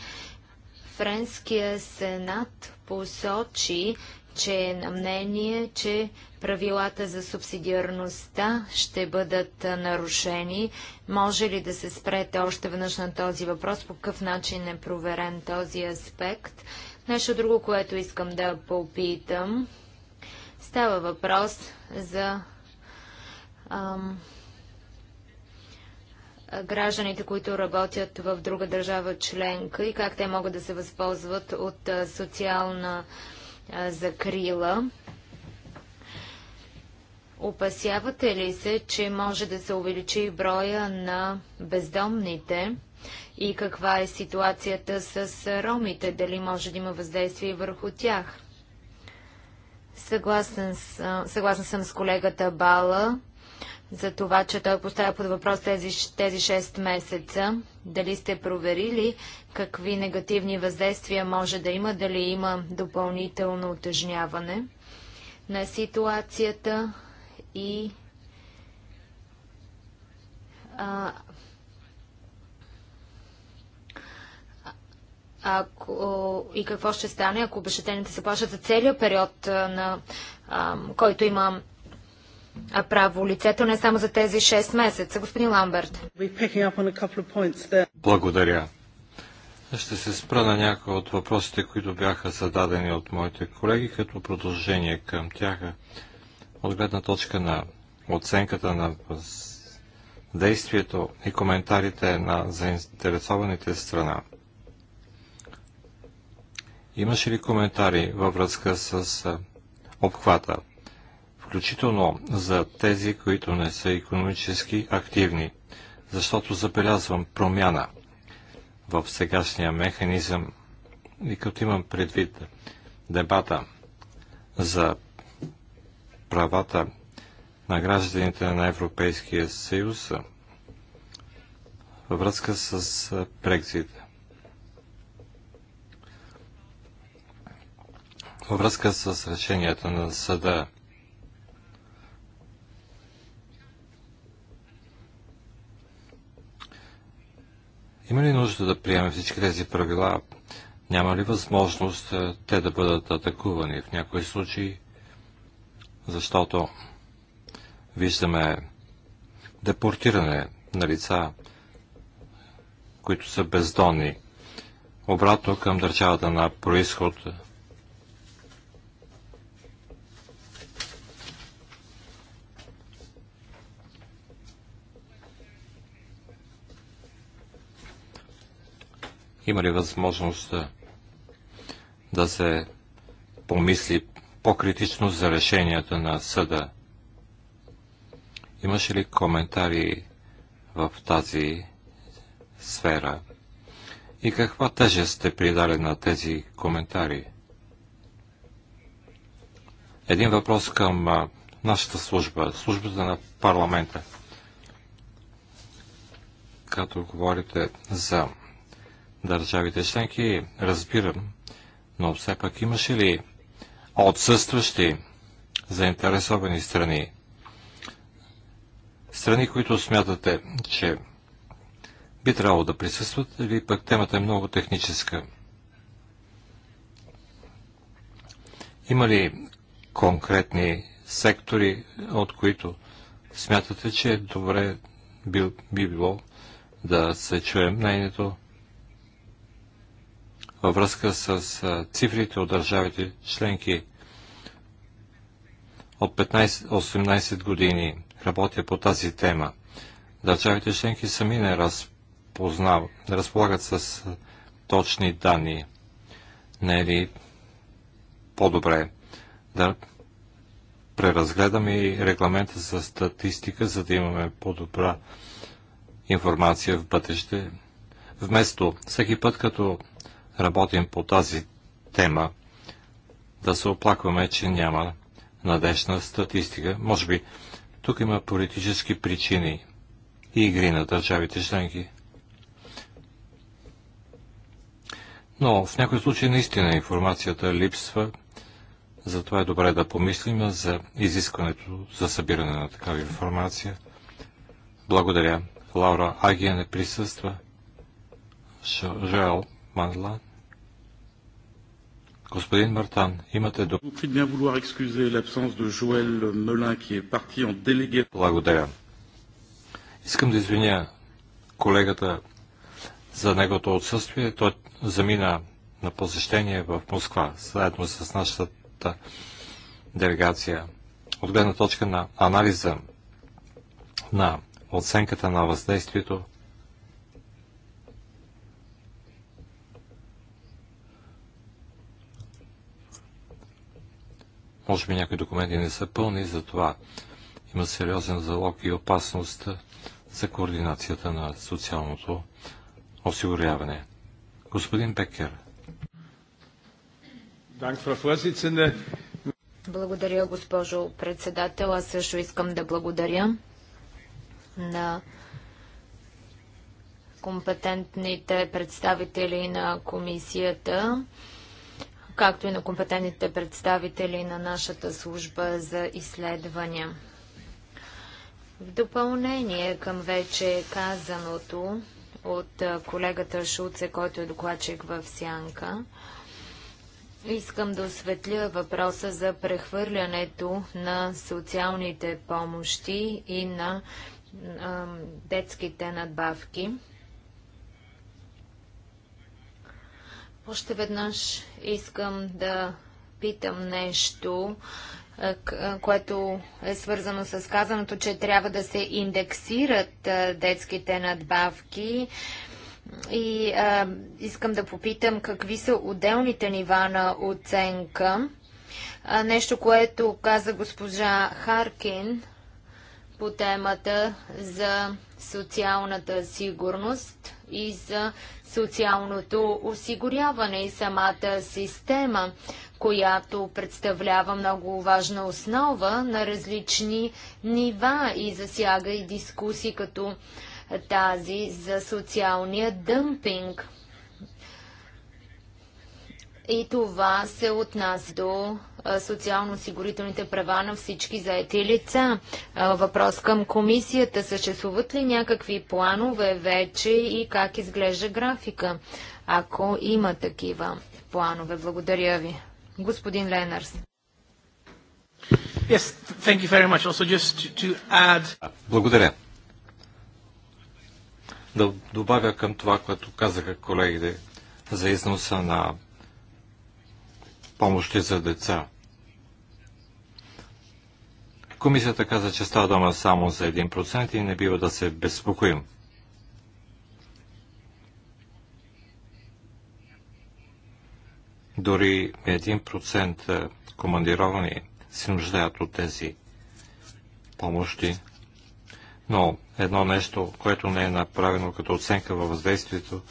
Френския сенат посочи, че е на мнение, че правилата за субсидиарността ще бъдат нарушени. Може ли да се спрете още веднъж на този въпрос? По какъв начин е проверен този аспект? Нещо друго, което искам да попитам. Става въпрос за ам, гражданите, които работят в друга държава членка и как те могат да се възползват от а, социална а, закрила. Опасявате ли се, че може да се увеличи броя на бездомните и каква е ситуацията с ромите? Дали може да има въздействие върху тях? Съгласен, съгласен съм с колегата Бала за това, че той поставя под въпрос тези, тези 6 месеца. Дали сте проверили какви негативни въздействия може да има, дали има допълнително отъжняване на ситуацията, и а, ако, и какво ще стане, ако обещатените се плащат за целият период, на, а, който има право лицето, не само за тези 6 месеца. Господин Ламберт. Благодаря. Ще се спра на някои от въпросите, които бяха зададени от моите колеги, като продължение към тях от гледна точка на оценката на действието и коментарите на заинтересованите страна. Имаше ли коментари във връзка с обхвата, включително за тези, които не са економически активни, защото забелязвам промяна в сегашния механизъм и като имам предвид дебата за правата на гражданите на Европейския съюз във връзка с Брекзит. Във връзка с решенията на съда Има ли нужда да приемем всички тези правила? Няма ли възможност те да бъдат атакувани? В някои случаи защото виждаме депортиране на лица, които са бездонни, обратно към държавата на происход. Има ли възможност да се помисли по-критично за решенията на съда. Имаше ли коментари в тази сфера? И каква тежест сте придали на тези коментари? Един въпрос към нашата служба, службата на парламента. Като говорите за държавите членки, разбирам, но все пак имаше ли отсъстващи заинтересовани страни. Страни, които смятате, че би трябвало да присъстват, или пък темата е много техническа. Има ли конкретни сектори, от които смятате, че е добре би, би било да се чуем мнението във връзка с цифрите от държавите членки. От 15-18 години работя по тази тема. Държавите членки сами не, разпознав... не разполагат с точни данни. Не е ли по-добре да преразгледаме и регламента за статистика, за да имаме по-добра информация в бъдеще. Вместо всеки път, като работим по тази тема, да се оплакваме, че няма надежна статистика. Може би тук има политически причини и игри на държавите членки. Но в някои случаи наистина информацията липсва, затова е добре да помислим за изискването за събиране на такава информация. Благодаря. Лаура Агия не присъства. Жоел Мандла. Господин Мартан, имате думата. Благодаря. Искам да извиня колегата за неговото отсъствие. Той замина на посещение в Москва, заедно с нашата делегация. От гледна точка на анализа на оценката на въздействието Може би някои документи не са пълни, затова има сериозен залог и опасност за координацията на социалното осигуряване. Господин Бекер. Благодаря, госпожо председател. Аз също искам да благодаря на компетентните представители на комисията както и на компетентните представители на нашата служба за изследвания. В допълнение към вече казаното от колегата Шуце, който е докладчик в Сянка, искам да осветля въпроса за прехвърлянето на социалните помощи и на детските надбавки Още веднъж искам да питам нещо, е, е, което е свързано с казаното, че трябва да се индексират е, детските надбавки. И а, искам да попитам какви са отделните нива на оценка. А, нещо, което каза госпожа Харкин по темата за социалната сигурност и за социалното осигуряване и самата система, която представлява много важна основа на различни нива и засяга и дискусии като тази за социалния дъмпинг. И това се отнася до социално-осигурителните права на всички заети лица. Въпрос към комисията. Съществуват ли някакви планове вече и как изглежда графика, ако има такива планове? Благодаря ви. Господин Ленърс. Yes, thank you very much. Also just to add... Благодаря. Да добавя към това, което казаха колегите за износа на помощи за деца. Комисията каза, че става дома само за 1% и не бива да се безпокоим. Дори 1% е, командировани се нуждаят от тези помощи. Но едно нещо, което не е направено като оценка във въздействието,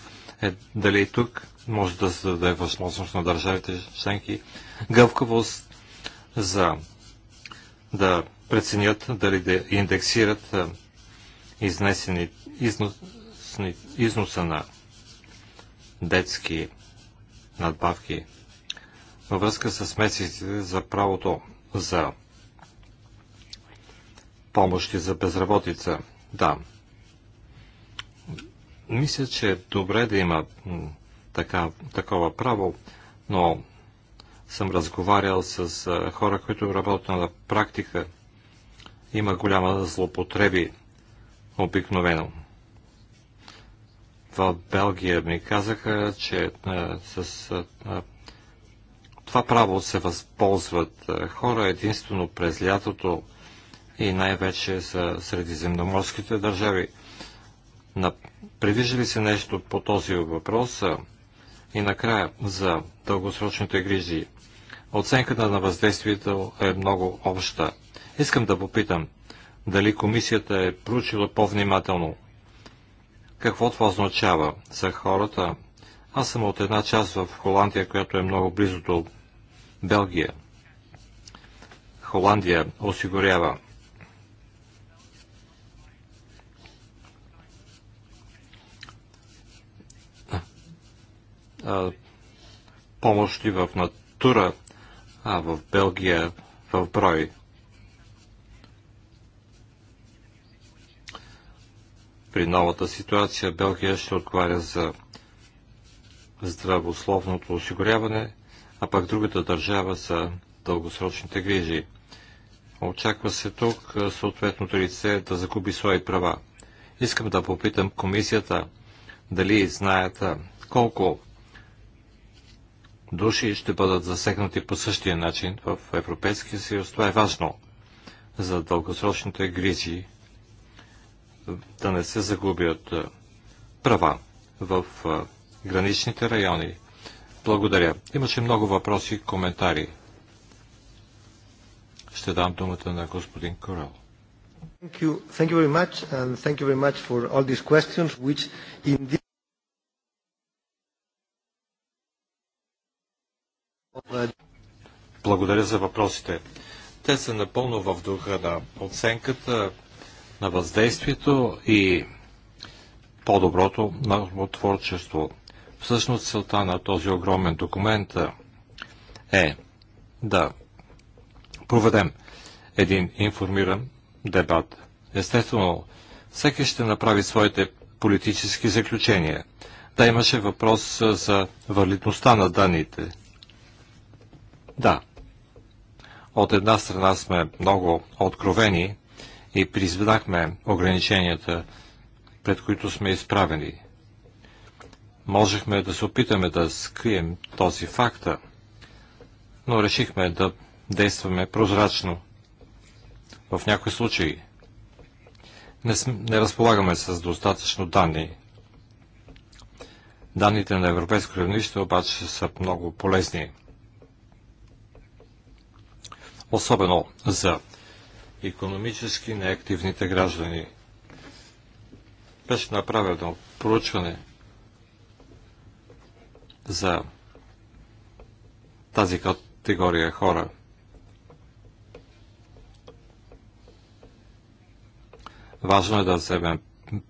е дали и е тук може да се даде възможност на държавите членки гъвкавост за да преценят дали да индексират изнесени, износни, износа на детски надбавки във връзка с месеците за правото за помощи за безработица. Да, мисля, че е добре да има така, такова право, но съм разговарял с хора, които работят на практика. Има голяма злопотреби обикновено. В Белгия ми казаха, че а, с а, това право се възползват а, хора единствено през лятото и най-вече средиземноморските държави. Предвижда ли се нещо по този въпрос? И накрая за дългосрочните грижи. Оценката на въздействието е много обща. Искам да попитам, дали комисията е проучила по-внимателно какво това означава за хората. Аз съм от една част в Холандия, която е много близо до Белгия. Холандия осигурява помощи в натура а в Белгия в брой. При новата ситуация Белгия ще отговаря за здравословното осигуряване, а пък другата държава за дългосрочните грижи. Очаква се тук съответното лице да загуби свои права. Искам да попитам комисията дали знаят колко души ще бъдат засегнати по същия начин в Европейския съюз. Това е важно за дългосрочните грижи да не се загубят права в граничните райони. Благодаря. Имаше много въпроси и коментари. Ще дам думата на господин Корал. Thank you. Thank you very much, and thank you very much for all these questions, which indeed Благодаря за въпросите. Те са напълно в духа на оценката на въздействието и по-доброто творчество. Всъщност целта на този огромен документ е да проведем един информиран дебат. Естествено, всеки ще направи своите политически заключения. Да имаше въпрос за валидността на данните. Да, от една страна сме много откровени и призведахме ограниченията, пред които сме изправени. Можехме да се опитаме да скрием този факта, но решихме да действаме прозрачно. В някои случаи не, см, не разполагаме с достатъчно данни. Данните на европейско равнище обаче са много полезни особено за економически неактивните граждани. Беше направено проучване за тази категория хора. Важно е да вземем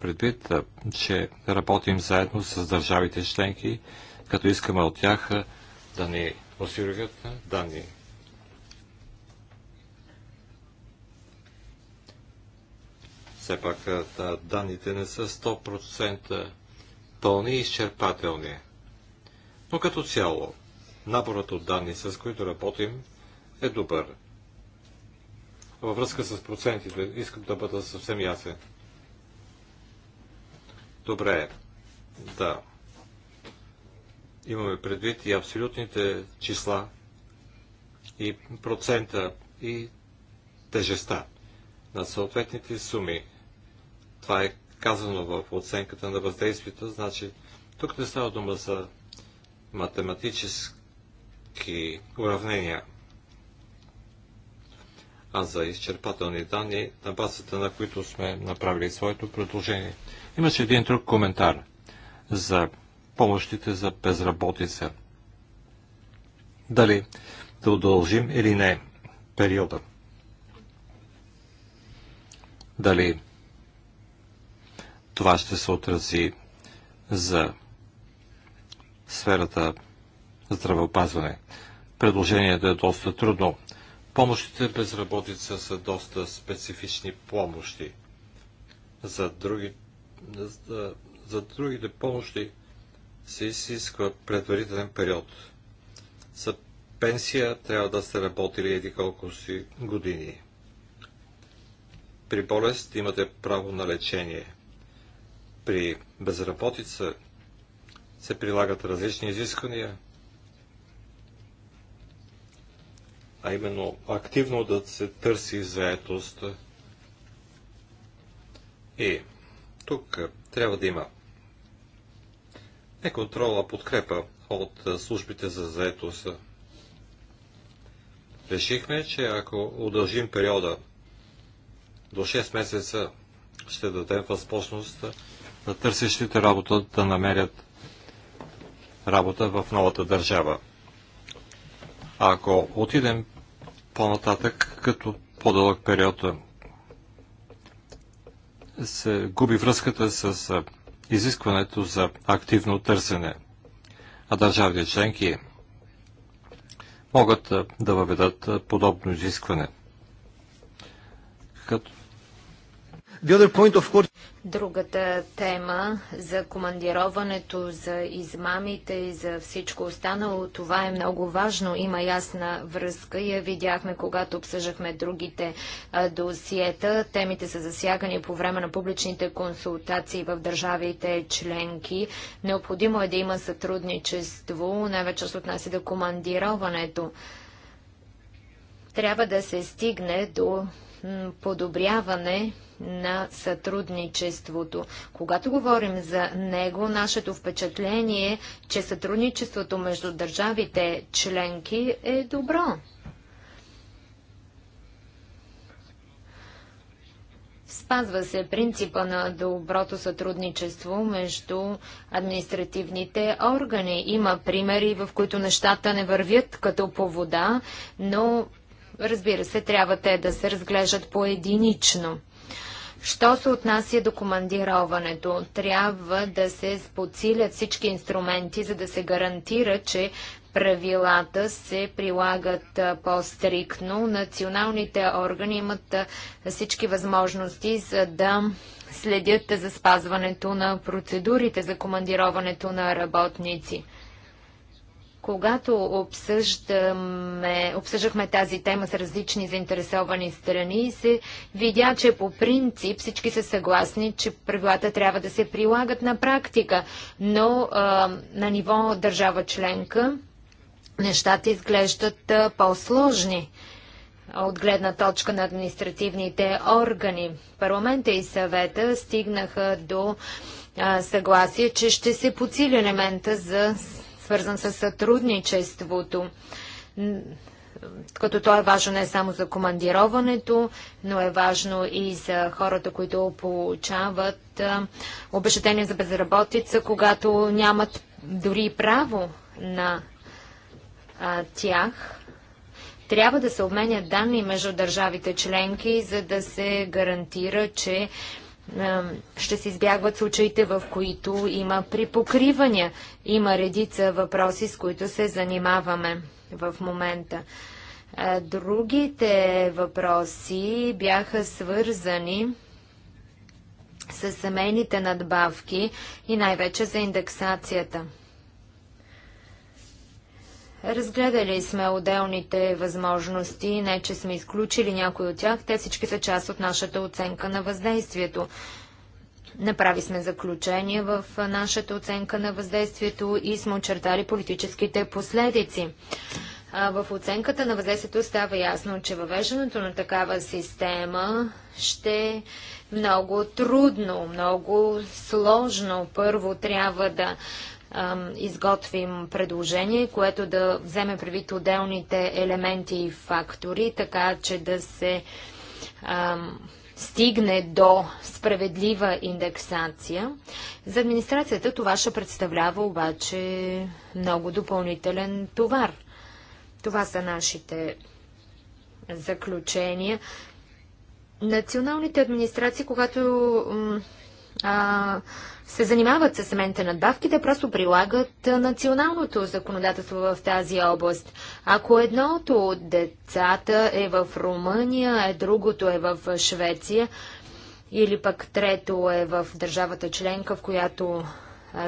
предвид, че работим заедно с държавите членки, като искаме от тях да ни осигурят, да ни Все пак данните не са 100% пълни и изчерпателни. Но като цяло, наборът от данни, с които работим, е добър. Във връзка с процентите, искам да бъда съвсем ясен. Добре, да. Имаме предвид и абсолютните числа, и процента, и тежеста на съответните суми. Това е казано в оценката на въздействието. Значи, тук не става дума за математически уравнения, а за изчерпателни данни, на базата на които сме направили своето предложение. Имаше един друг коментар за помощите за безработица. Дали да удължим или не периода. Дали това ще се отрази за сферата здравеопазване. Предложението е доста трудно. Помощите безработица са доста специфични помощи. За, други, за, за другите помощи се изисква предварителен период. За пенсия трябва да сте работили еди колко си години. При болест имате право на лечение при безработица се прилагат различни изисквания, а именно активно да се търси заетост. И тук трябва да има не контрол, а подкрепа от службите за заетост. Решихме, че ако удължим периода до 6 месеца, ще дадем възможност на търсещите работа да намерят работа в новата държава. А ако отидем по-нататък, като по-дълъг период се губи връзката с изискването за активно търсене, а държавни членки могат да въведат подобно изискване. Като Другата тема за командироването, за измамите и за всичко останало, това е много важно. Има ясна връзка. Я видяхме, когато обсъждахме другите досиета. Темите са засягани по време на публичните консултации в държавите членки. Необходимо е да има сътрудничество, най-вече се отнася до командироването. Трябва да се стигне до подобряване на сътрудничеството. Когато говорим за него, нашето впечатление е, че сътрудничеството между държавите членки е добро. Спазва се принципа на доброто сътрудничество между административните органи. Има примери, в които нещата не вървят като по вода, но разбира се, трябва те да се разглеждат поединично. Що се отнася до командироването? Трябва да се подсилят всички инструменти, за да се гарантира, че правилата се прилагат по-стриктно. Националните органи имат всички възможности за да следят за спазването на процедурите за командироването на работници. Когато обсъждаме, обсъждахме тази тема с различни заинтересовани страни, се видя, че по принцип всички са съгласни, че правилата трябва да се прилагат на практика, но а, на ниво държава членка нещата изглеждат по-сложни от гледна точка на административните органи. Парламента и съвета стигнаха до съгласие, че ще се подсили елемента за свързан с сътрудничеството като то е важно не само за командироването, но е важно и за хората, които получават обещатение за безработица, когато нямат дори право на тях. Трябва да се обменят данни между държавите членки, за да се гарантира, че ще се избягват случаите, в които има припокривания. Има редица въпроси, с които се занимаваме в момента. Другите въпроси бяха свързани с семейните надбавки и най-вече за индексацията. Разгледали сме отделните възможности, не че сме изключили някои от тях, те всички са част от нашата оценка на въздействието. Направи сме заключение в нашата оценка на въздействието и сме очертали политическите последици. в оценката на въздействието става ясно, че въвеждането на такава система ще е много трудно, много сложно. Първо трябва да изготвим предложение, което да вземе предвид отделните елементи и фактори, така че да се стигне до справедлива индексация. За администрацията това ще представлява обаче много допълнителен товар. Това са нашите заключения. Националните администрации, когато а, се занимават с семените надбавки, те просто прилагат националното законодателство в тази област. Ако едното от децата е в Румъния, е другото е в Швеция, или пък трето е в държавата членка, в която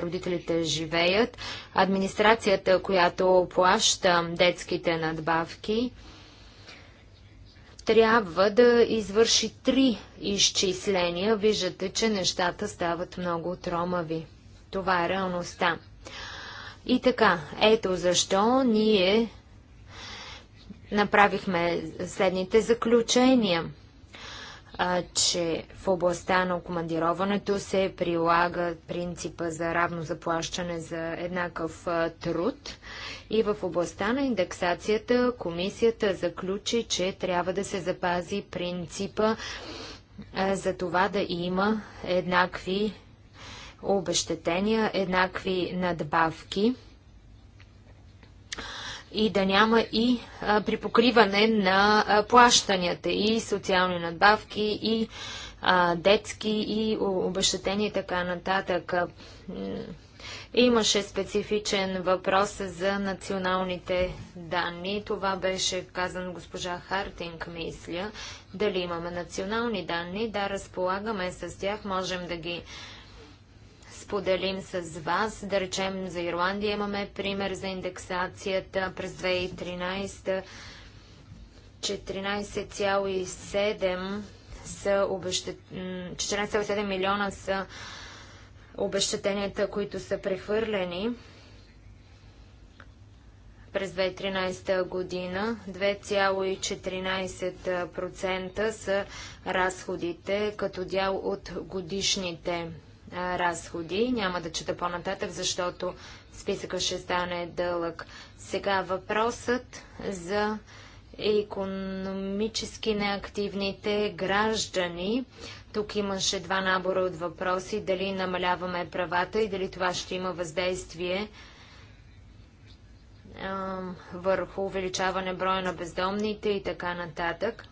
родителите живеят, администрацията, която плаща детските надбавки, трябва да извърши три изчисления. Виждате, че нещата стават много тромави. Това е реалността. И така, ето защо ние направихме следните заключения че в областта на командироването се прилага принципа за равно заплащане за еднакъв труд и в областта на индексацията комисията заключи, че трябва да се запази принципа за това да има еднакви обещетения, еднакви надбавки и да няма и припокриване на плащанията и социални надбавки и детски и обещетения и така нататък. Имаше специфичен въпрос за националните данни. Това беше казан госпожа Хартинг, мисля. Дали имаме национални данни? Да, разполагаме с тях, можем да ги споделим с вас. Да речем за Ирландия имаме пример за индексацията през 2013 14,7 са обещат... 14,7 милиона са обещетенията, които са прехвърлени през 2013 година. 2,14% са разходите като дял от годишните разходи. Няма да чета по-нататък, защото списъка ще стане дълъг. Сега въпросът за економически неактивните граждани. Тук имаше два набора от въпроси. Дали намаляваме правата и дали това ще има въздействие върху увеличаване броя на бездомните и така нататък.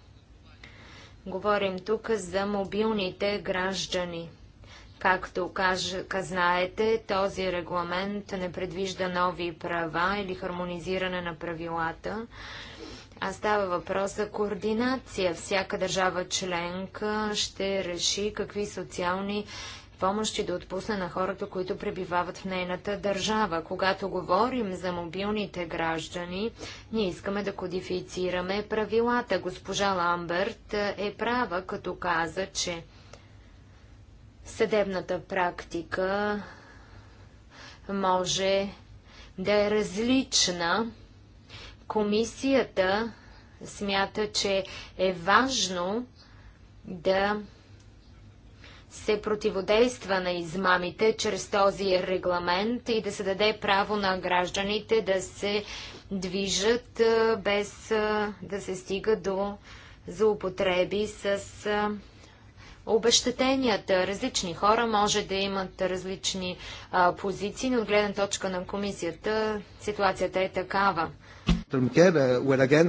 Говорим тук за мобилните граждани. Както кажа, знаете, този регламент не предвижда нови права или хармонизиране на правилата, а става въпрос за координация. Всяка държава членка ще реши какви социални помощи да отпусне на хората, които пребивават в нейната държава. Когато говорим за мобилните граждани, ние искаме да кодифицираме правилата. Госпожа Ламберт е права, като каза, че Съдебната практика може да е различна. Комисията смята, че е важно да се противодейства на измамите чрез този регламент и да се даде право на гражданите да се движат без да се стига до злоупотреби с обещетенията. Различни хора може да имат различни а, позиции, но от гледна точка на комисията ситуацията е такава. Uh,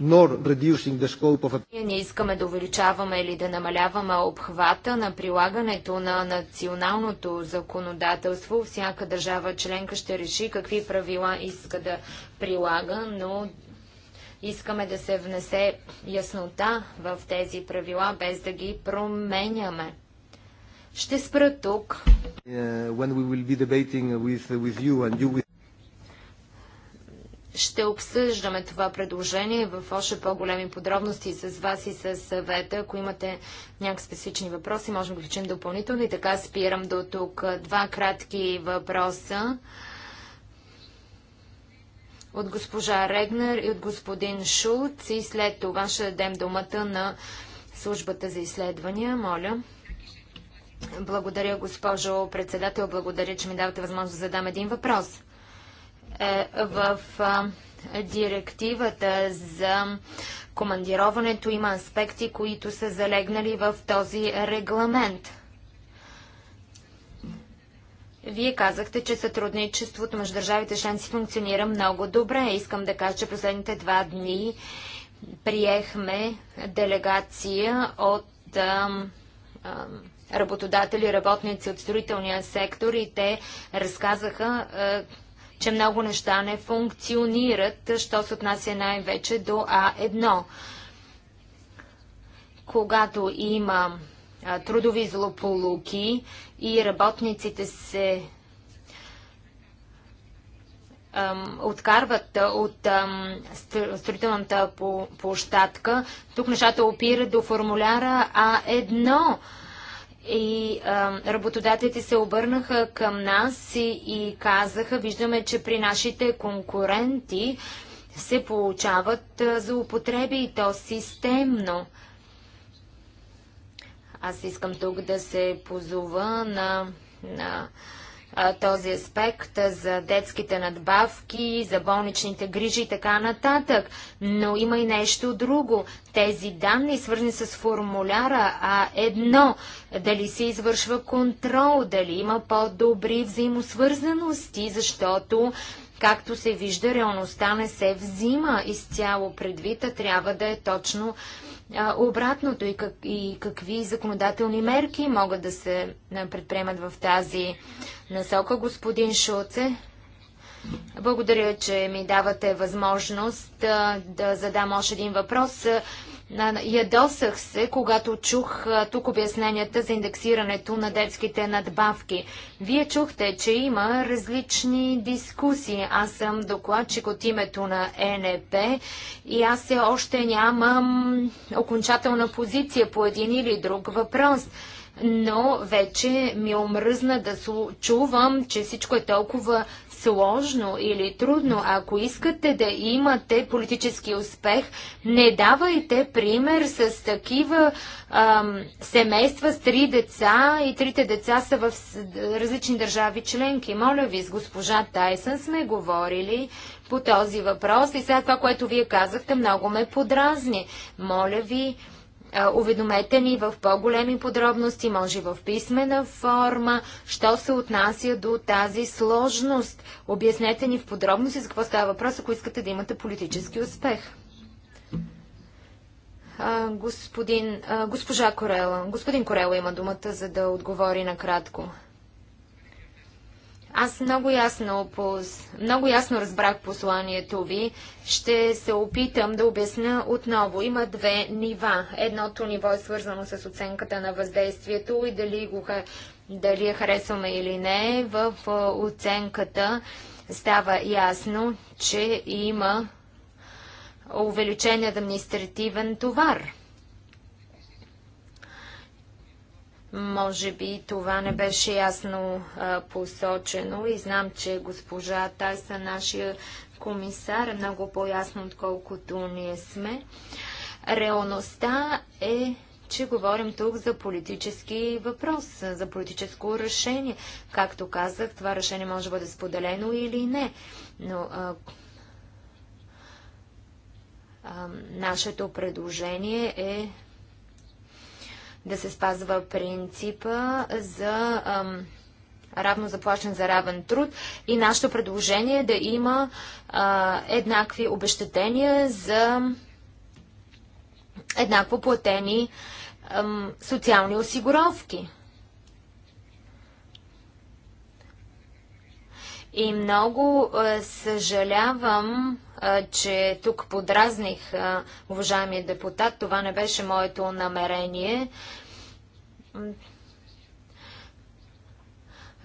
uh, Ние не искаме да увеличаваме или да намаляваме обхвата на прилагането на националното законодателство. Всяка държава членка ще реши какви правила иска да прилага, но Искаме да се внесе яснота в тези правила, без да ги променяме. Ще спра тук. Ще обсъждаме това предложение в още по-големи подробности с вас и с съвета. Ако имате някакви специфични въпроси, можем да включим допълнително. И така спирам до тук. Два кратки въпроса от госпожа Регнер и от господин Шулц и след това ще дадем думата на службата за изследвания. Моля. Благодаря, госпожо председател. Благодаря, че ми давате възможност да задам един въпрос. Е, в а, директивата за командироването има аспекти, които са залегнали в този регламент. Вие казахте, че сътрудничеството между държавите членци функционира много добре. Искам да кажа, че последните два дни приехме делегация от работодатели, работници от строителния сектор и те разказаха, а, че много неща не функционират, що се отнася най-вече до А1. Когато има трудови злополуки и работниците се откарват от строителната площадка. Тук нещата опират до формуляра А1. И работодателите се обърнаха към нас и, казаха, виждаме, че при нашите конкуренти се получават злоупотреби и то системно. Аз искам тук да се позова на, на а, този аспект за детските надбавки, за болничните грижи и така нататък. Но има и нещо друго. Тези данни, свързани с формуляра а едно дали се извършва контрол, дали има по-добри взаимосвързаности, защото Както се вижда, реалността не се взима изцяло предвид, а трябва да е точно а, обратното и, как, и какви законодателни мерки могат да се предприемат в тази насока. Господин Шуце, благодаря, че ми давате възможност а, да задам още един въпрос. Ядосах се, когато чух тук обясненията за индексирането на детските надбавки. Вие чухте, че има различни дискусии. Аз съм докладчик от името на ЕНП и аз все още нямам окончателна позиция по един или друг въпрос но вече ми омръзна да чувам, че всичко е толкова сложно или трудно. Ако искате да имате политически успех, не давайте пример с такива ам, семейства с три деца и трите деца са в различни държави членки. Моля ви, с госпожа Тайсън сме говорили по този въпрос и сега това, което вие казахте, много ме подразни. Моля ви, уведомете ни в по-големи подробности, може в писмена форма, що се отнася до тази сложност. Обяснете ни в подробности за какво става въпрос, ако искате да имате политически успех. господин, госпожа Корела, господин Корела има думата, за да отговори накратко. Аз много ясно, поз... много ясно разбрах посланието ви. Ще се опитам да обясня отново. Има две нива. Едното ниво е свързано с оценката на въздействието и дали, го... дали я харесваме или не. В оценката става ясно, че има увеличен административен товар Може би това не беше ясно а, посочено и знам, че госпожа Тайса, нашия комисар, е много по-ясно, отколкото ние сме. Реалността е, че говорим тук за политически въпрос, за политическо решение. Както казах, това решение може да бъде споделено или не. Но а, а, нашето предложение е да се спазва принципа за ам, равно заплащане за равен труд и нашето предложение е да има а, еднакви обещетения за еднакво платени ам, социални осигуровки. И много съжалявам, че тук подразних уважаемия депутат. Това не беше моето намерение.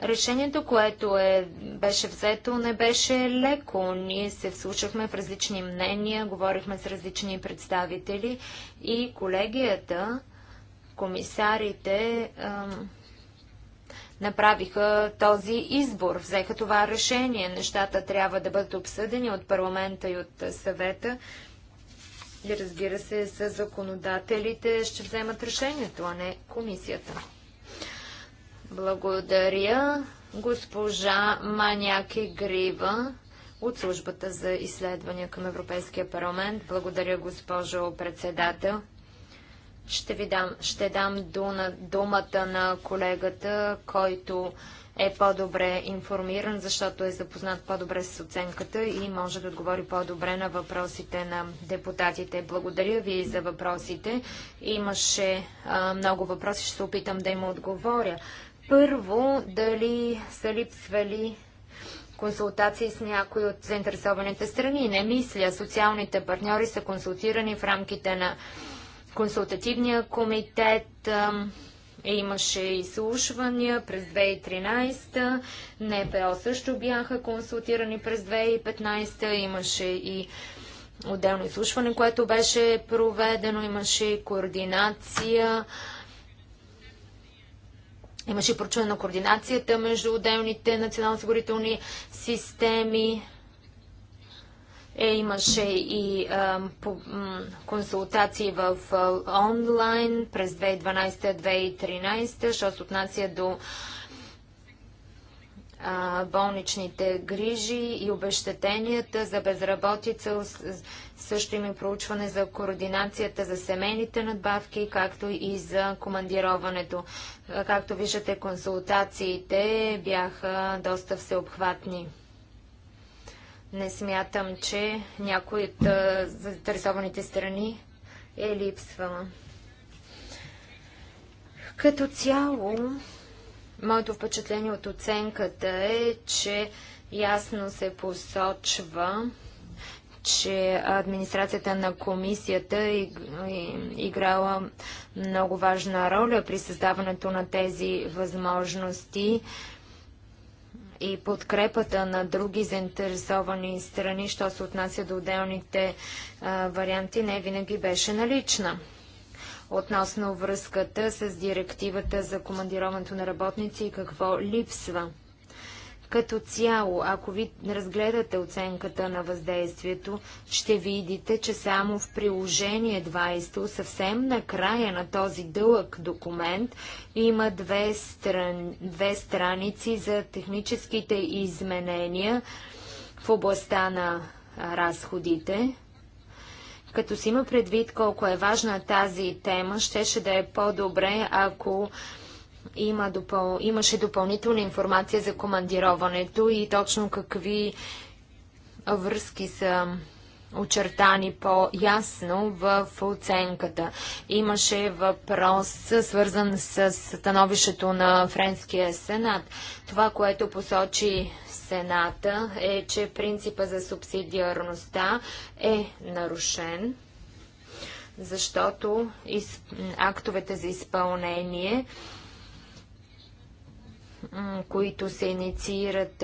Решението, което е, беше взето, не беше леко. Ние се вслушахме в различни мнения, говорихме с различни представители и колегията, комисарите, направиха този избор, взеха това решение. Нещата трябва да бъдат обсъдени от парламента и от съвета. И разбира се, с законодателите ще вземат решението, а не комисията. Благодаря госпожа Маняки Грива от службата за изследвания към Европейския парламент. Благодаря, госпожо председател. Ще, ви дам, ще дам дума, думата на колегата, който е по-добре информиран, защото е запознат по-добре с оценката и може да отговори по-добре на въпросите на депутатите. Благодаря ви за въпросите. Имаше а, много въпроси, ще се опитам да им отговоря. Първо, дали са липсвали консултации с някои от заинтересованите страни? Не мисля. Социалните партньори са консултирани в рамките на консултативния комитет е, имаше изслушвания през 2013, НПО също бяха консултирани през 2015, имаше и отделно изслушване, което беше проведено, имаше и координация, имаше и прочване на координацията между отделните национално сигурителни системи. Е, имаше и а, по, консултации в а, онлайн през 2012-2013, що се отнася до а, болничните грижи и обещетенията за безработица, също има проучване за координацията за семейните надбавки, както и за командироването. Както виждате, консултациите бяха доста всеобхватни. Не смятам, че някой от заинтересованите страни е липсвала. Като цяло, моето впечатление от оценката е, че ясно се посочва, че администрацията на комисията е играла много важна роля при създаването на тези възможности и подкрепата на други заинтересовани страни, що се отнася до отделните варианти, не винаги беше налична. Относно връзката с директивата за командироването на работници и какво липсва – като цяло, ако ви разгледате оценката на въздействието, ще видите, че само в приложение 20, съвсем на края на този дълъг документ, има две, стран... две страници за техническите изменения в областта на разходите. Като си има предвид колко е важна тази тема, щеше да е по-добре, ако има допъл... Имаше допълнителна информация за командироването и точно какви връзки са очертани по-ясно в оценката. Имаше въпрос свързан с становището на Френския сенат. Това, което посочи Сената е, че принципа за субсидиарността е нарушен, защото актовете за изпълнение които се инициират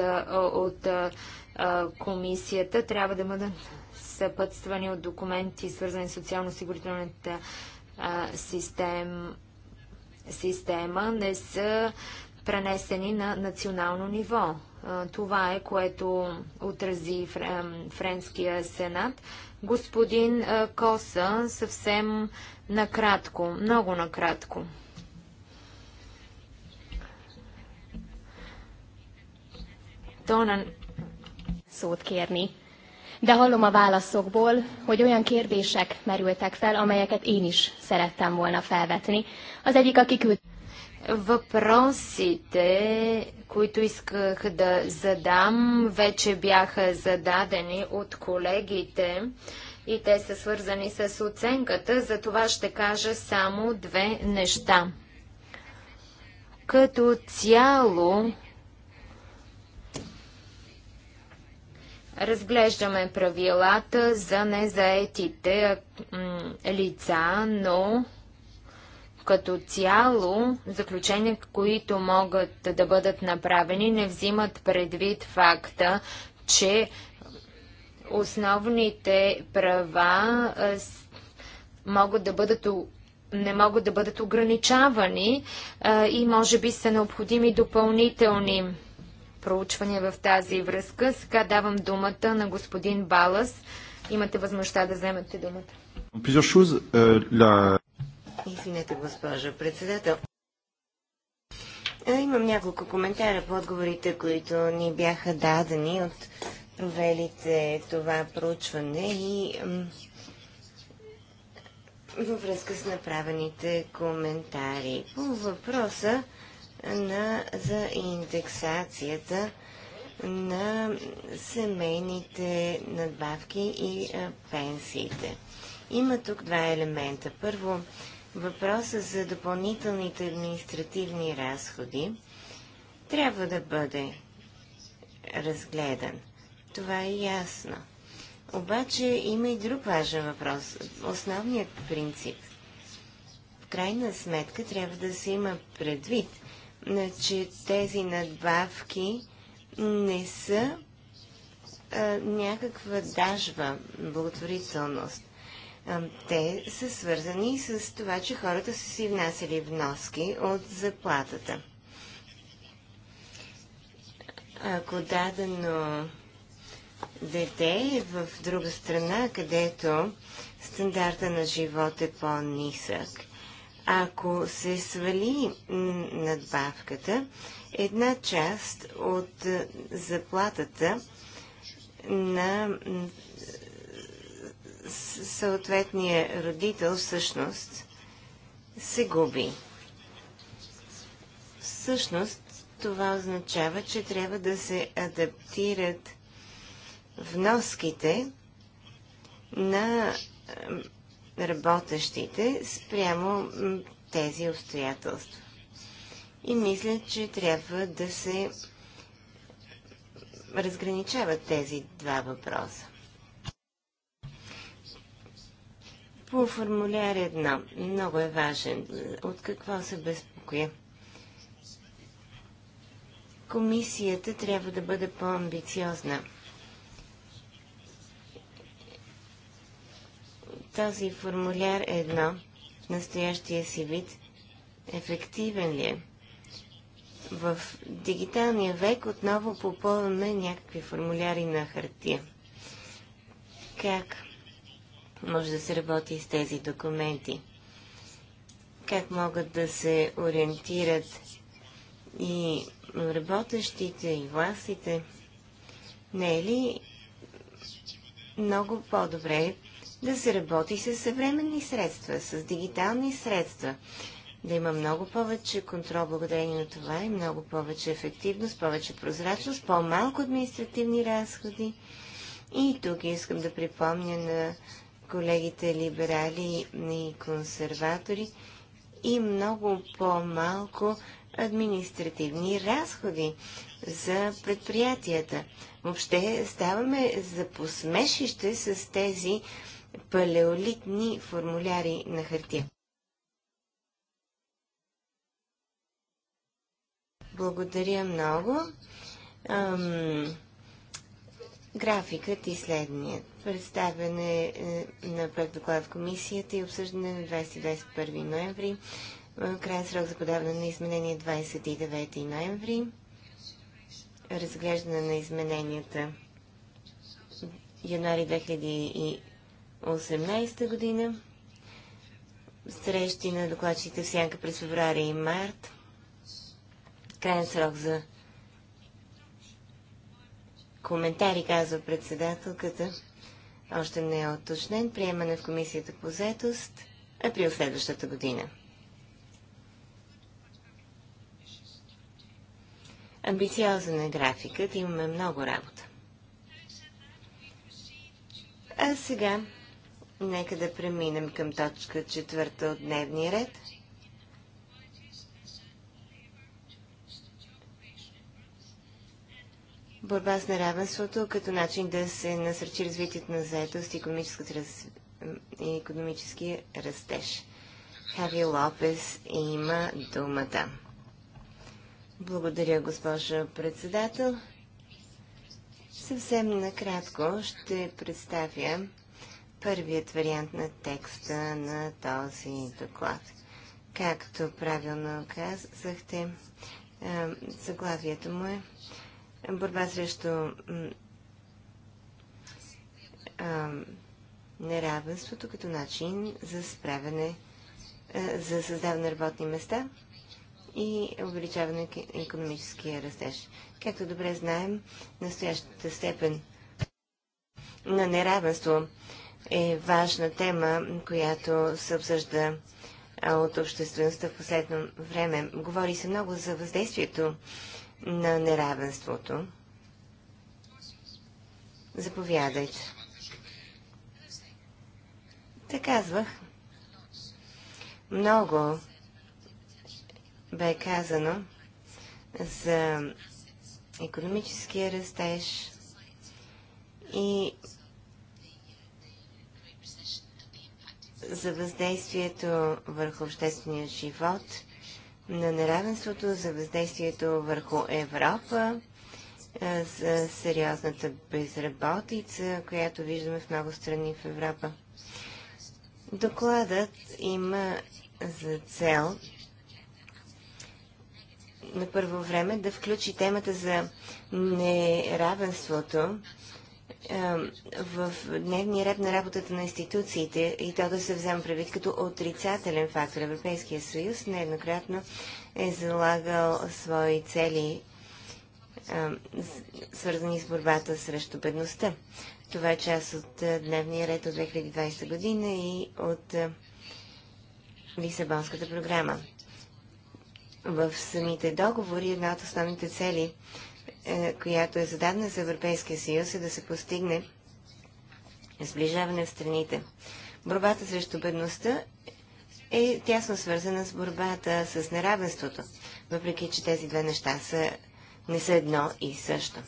от комисията, трябва да бъдат съпътствани от документи, свързани с социално-осигурителната систем, система, не са пренесени на национално ниво. Това е, което отрази Френския сенат. Господин Коса, съвсем накратко, много накратко. Tonan. Szót kérni. De hallom a válaszokból, hogy olyan kérdések merültek fel, amelyeket én is szerettem volna felvetni. Az egyik aki küld... Въпросите, които исках да задам, вече бяха зададени от колегите и те са свързани с оценката, за това ще кажа само две неща. Като цяло, Разглеждаме правилата за незаетите лица, но като цяло заключения, които могат да бъдат направени, не взимат предвид факта, че основните права могат да бъдат не могат да бъдат ограничавани и може би са необходими допълнителни проучвания в тази връзка. Сега давам думата на господин Балас. Имате възможността да вземете думата. Euh, Извинете, госпожа председател. Е, имам няколко коментара по отговорите, които ни бяха дадени от провелите това проучване и във връзка с направените коментари. По въпроса на, за индексацията на семейните надбавки и а, пенсиите. Има тук два елемента. Първо, въпросът за допълнителните административни разходи трябва да бъде разгледан. Това е ясно. Обаче има и друг важен въпрос. Основният принцип. В крайна сметка трябва да се има предвид – че тези надбавки не са а, някаква дажва, благотворителност. А, те са свързани с това, че хората са си внасяли вноски от заплатата. Ако дадено дете е в друга страна, където стандарта на живот е по-нисък ако се свали надбавката, една част от е, заплатата на съответния родител всъщност се губи. Всъщност това означава, че трябва да се адаптират вноските на работещите спрямо тези обстоятелства. И мисля, че трябва да се разграничават тези два въпроса. По формуляр едно, Много е важен. От какво се безпокоя? Комисията трябва да бъде по-амбициозна този формуляр едно в настоящия си вид ефективен ли е? В дигиталния век отново попълваме някакви формуляри на хартия. Как може да се работи с тези документи? Как могат да се ориентират и работещите, и властите? Не е ли много по-добре да се работи с съвременни средства, с дигитални средства, да има много повече контрол благодарение на това и много повече ефективност, повече прозрачност, по-малко административни разходи. И тук искам да припомня на колегите либерали и консерватори и много по-малко административни разходи за предприятията. Въобще ставаме за посмешище с тези палеолитни формуляри на хартия. Благодаря много. Ам, графикът и е следният. Представяне е, на проект доклад в комисията и обсъждане на 20-21 ноември. Е, крайен срок за подаване на изменение 29 ноември. Разглеждане на измененията януари 2018 година. Срещи на докладчите в Сянка през феврари и март. Крайен срок за коментари, казва председателката. Още не е оточнен. Приемане в комисията по заетост април следващата година. Амбициозен е графикът, имаме много работа. А сега Нека да преминем към точка четвърта от дневния ред. Борба с неравенството като начин да се насърчи развитието на заедост и раз... економически растеж. Хави Лопес има думата. Благодаря, госпожа председател. Съвсем накратко ще представя първият вариант на текста на този доклад. Както правилно казахте, заглавието му е борба срещу неравенството като начин за справяне, е, за създаване на работни места и увеличаване на економическия растеж. Както добре знаем, настоящата степен на неравенство е важна тема, която се обсъжда от обществеността в последно време. Говори се много за въздействието на неравенството. Заповядайте. Те казвах. Много бе казано за економическия растеж и за въздействието върху обществения живот, на неравенството, за въздействието върху Европа, за сериозната безработица, която виждаме в много страни в Европа. Докладът има за цел на първо време да включи темата за неравенството в дневния ред на работата на институциите и то да се взема предвид като отрицателен фактор. Европейския съюз нееднократно е залагал свои цели, свързани с борбата срещу бедността. Това е част от дневния ред от 2020 година и от Лисабонската програма. В самите договори една от основните цели – е, която е зададена за Европейския съюз, е да се постигне сближаване в страните. Борбата срещу бедността е тясно свързана с борбата с неравенството, въпреки че тези две неща са, не са едно и също.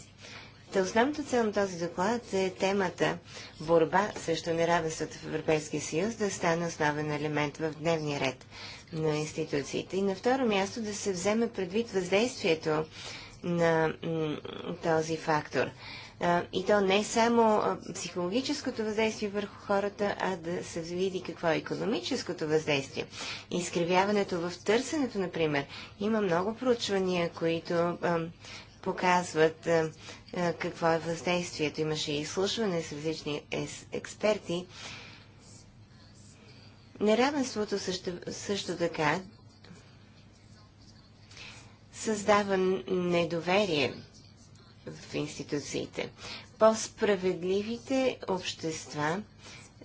Та основната цел на този доклад е темата борба срещу неравенството в Европейския съюз да стане основен елемент в дневния ред на институциите. И на второ място да се вземе предвид въздействието на този фактор. И то не само психологическото въздействие върху хората, а да се види какво е економическото въздействие. Изкривяването в търсенето, например. Има много проучвания, които показват какво е въздействието. Имаше изслушване с различни експерти. Неравенството също, също така създава недоверие в институциите. По-справедливите общества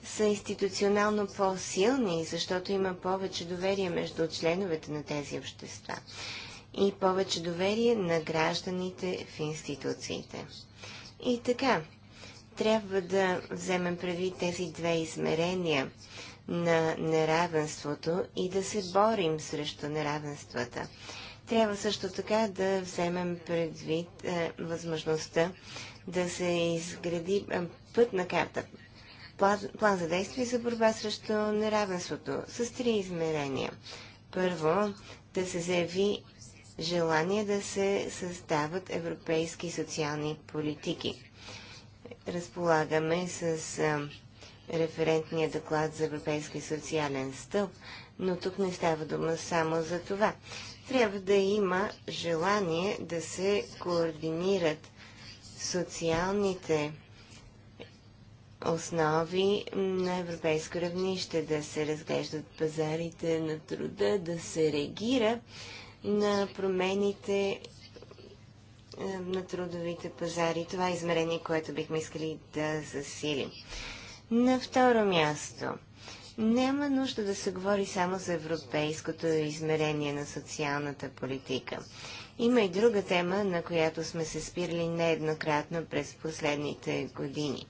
са институционално по-силни, защото има повече доверие между членовете на тези общества и повече доверие на гражданите в институциите. И така, трябва да вземем преди тези две измерения на неравенството и да се борим срещу неравенствата. Трябва също така да вземем предвид е, възможността да се изгради е, пътна карта, план, план за действие за борба срещу неравенството с три измерения. Първо, да се заяви желание да се създават европейски социални политики. Разполагаме с е, референтния доклад за Европейски социален стълб, но тук не става дума само за това трябва да има желание да се координират социалните основи на европейско равнище, да се разглеждат пазарите на труда, да се реагира на промените на трудовите пазари. Това е измерение, което бихме искали да засилим. На второ място – няма нужда да се говори само за европейското измерение на социалната политика. Има и друга тема, на която сме се спирали нееднократно през последните години.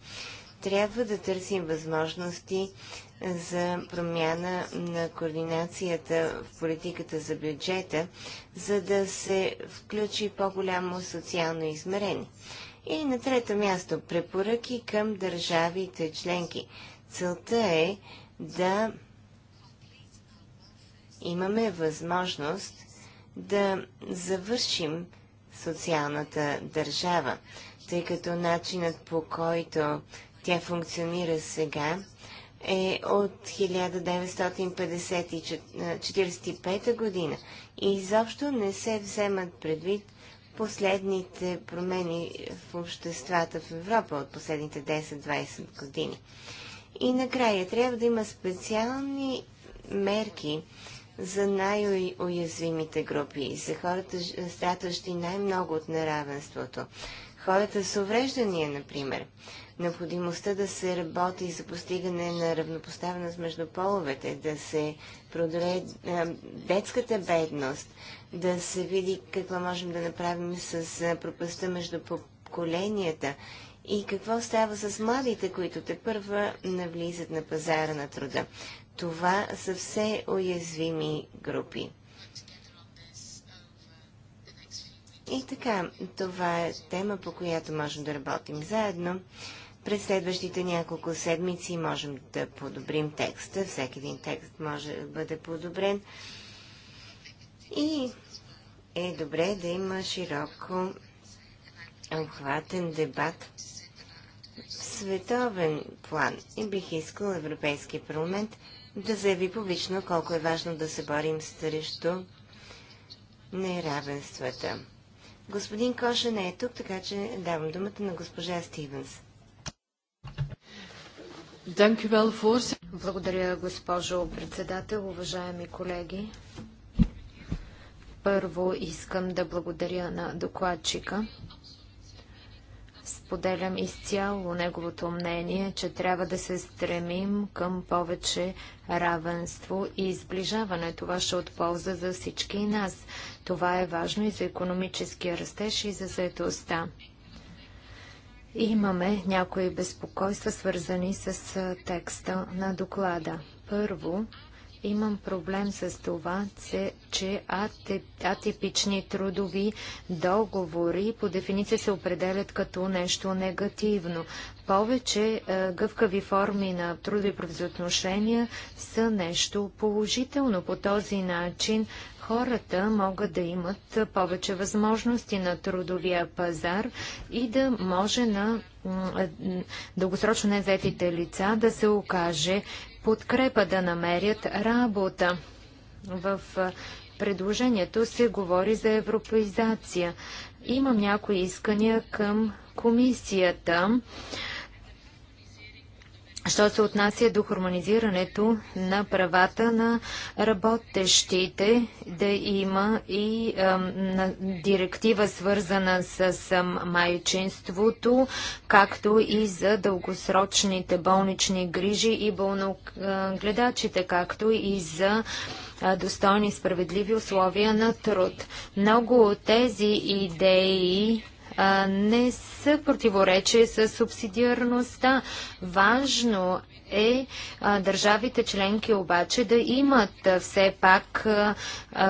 Трябва да търсим възможности за промяна на координацията в политиката за бюджета, за да се включи по-голямо социално измерение. И на трето място препоръки към държавите членки. Целта е да имаме възможност да завършим социалната държава, тъй като начинът по който тя функционира сега е от 1945 година и изобщо не се вземат предвид последните промени в обществата в Европа от последните 10-20 години. И накрая трябва да има специални мерки за най-уязвимите групи, за хората, страдащи най-много от неравенството. Хората с увреждания, например. Необходимостта да се работи за постигане на равнопоставеност между половете, да се продоле е, детската бедност, да се види какво можем да направим с е, пропаста между поколенията и какво става с младите, които те първа навлизат на пазара на труда. Това са все уязвими групи. И така, това е тема, по която можем да работим заедно. През следващите няколко седмици можем да подобрим текста. Всеки един текст може да бъде подобрен. И е добре да има широко обхватен дебат световен план и бих искал Европейския парламент да заяви публично колко е важно да се борим срещу неравенствата. Господин Коша не е тук, така че давам думата на госпожа Стивенс. Благодаря, госпожо председател, уважаеми колеги. Първо искам да благодаря на докладчика Споделям изцяло неговото мнение, че трябва да се стремим към повече равенство и изближаване. Това ще е от полза за всички нас. Това е важно и за економическия растеж и за заедостта. Имаме някои безпокойства, свързани с текста на доклада. Първо, Имам проблем с това, че атипични трудови договори по дефиниция се определят като нещо негативно. Повече е, гъвкави форми на трудови правоотношения са нещо положително. По този начин хората могат да имат повече възможности на трудовия пазар и да може на е, дългосрочно незетите лица да се окаже подкрепа да намерят работа. В предложението се говори за европеизация. Имам някои искания към комисията. Що се отнася до хармонизирането на правата на работещите, да има и а, директива свързана с майчинството, както и за дългосрочните болнични грижи и болногледачите, както и за достойни справедливи условия на труд. Много от тези идеи не са противоречие с субсидиарността. Важно е държавите членки обаче да имат все пак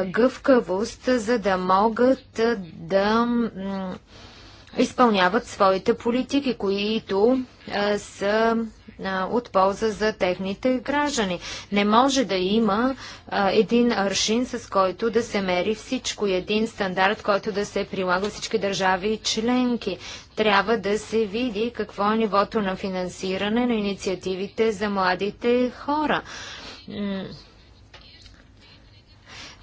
гъвкавост, за да могат да изпълняват своите политики, които са от полза за техните граждани. Не може да има а, един аршин, с който да се мери всичко, един стандарт, който да се прилага всички държави и членки. Трябва да се види какво е нивото на финансиране на инициативите за младите хора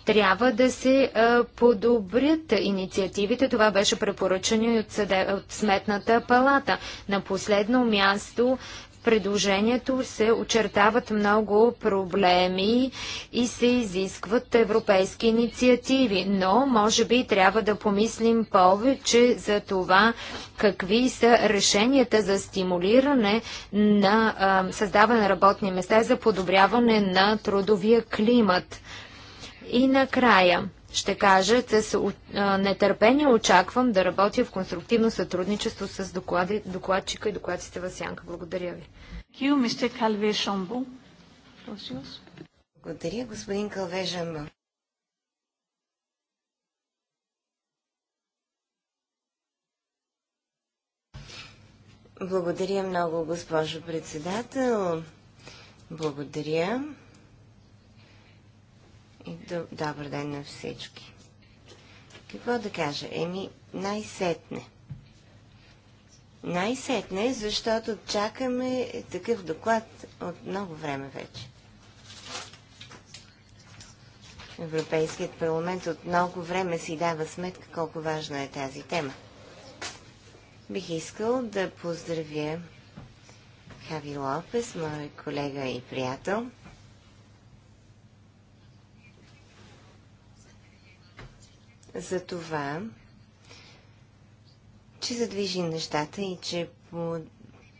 трябва да се а, подобрят инициативите. Това беше препоръчено и от, от Сметната палата. На последно място предложението се очертават много проблеми и се изискват европейски инициативи, но може би трябва да помислим повече за това какви са решенията за стимулиране на а, създаване на работни места за подобряване на трудовия климат. И накрая – ще кажа, че с нетърпение очаквам да работя в конструктивно сътрудничество с доклади, докладчика и докладците в Сянка. Благодаря ви. Благодаря, господин Калвежамбо. Благодаря много, госпожо председател. Благодаря. И добър ден на всички. Какво да кажа? Еми, най-сетне. Най-сетне, защото чакаме такъв доклад от много време вече. Европейският парламент от много време си дава сметка колко важна е тази тема. Бих искал да поздравя Хави Лопес, мой колега и приятел – за това, че задвижи нещата и че по,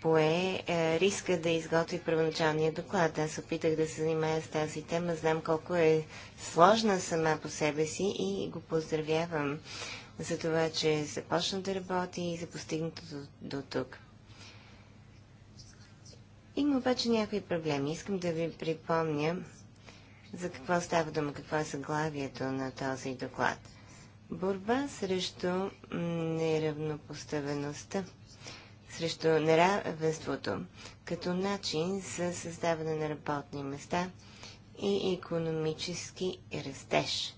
пое е, риска да изготви първоначалния доклад. Аз опитах да се занимая с тази тема. Знам колко е сложна сама по себе си и го поздравявам за това, че започна да работи и за постигнатото до тук. Има обаче някои проблеми. Искам да ви припомня за какво става дума, какво е съглавието на този доклад – борба срещу неравнопоставеността, срещу неравенството, като начин за създаване на работни места и економически растеж.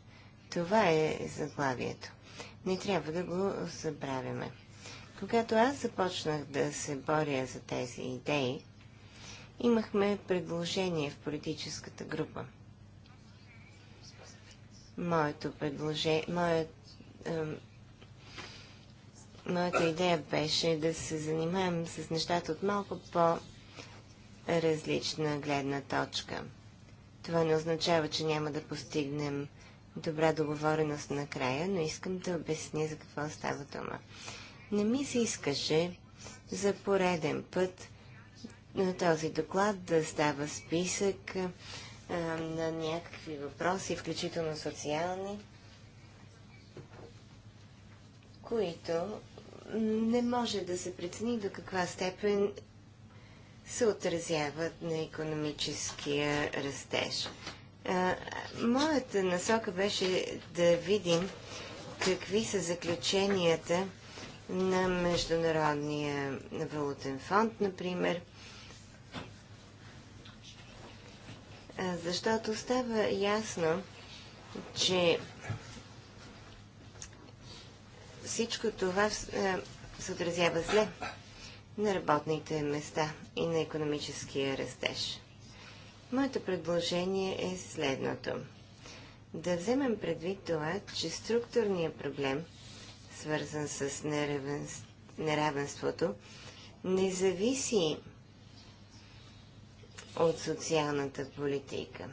Това е заглавието. Не трябва да го забравяме. Когато аз започнах да се боря за тези идеи, имахме предложение в политическата група – моето предложение, моят, е, моята идея беше да се занимаем с нещата от малко по-различна гледна точка. Това не означава, че няма да постигнем добра договореност накрая, но искам да обясня за какво става дума. Не ми се искаше за пореден път на този доклад да става списък на някакви въпроси, включително социални, които не може да се прецени до каква степен се отразяват на економическия растеж. моята насока беше да видим какви са заключенията на Международния валутен фонд, например – защото става ясно, че всичко това се отразява зле на работните места и на економическия растеж. Моето предложение е следното. Да вземем предвид това, че структурният проблем, свързан с неравенството, не зависи от социалната политика.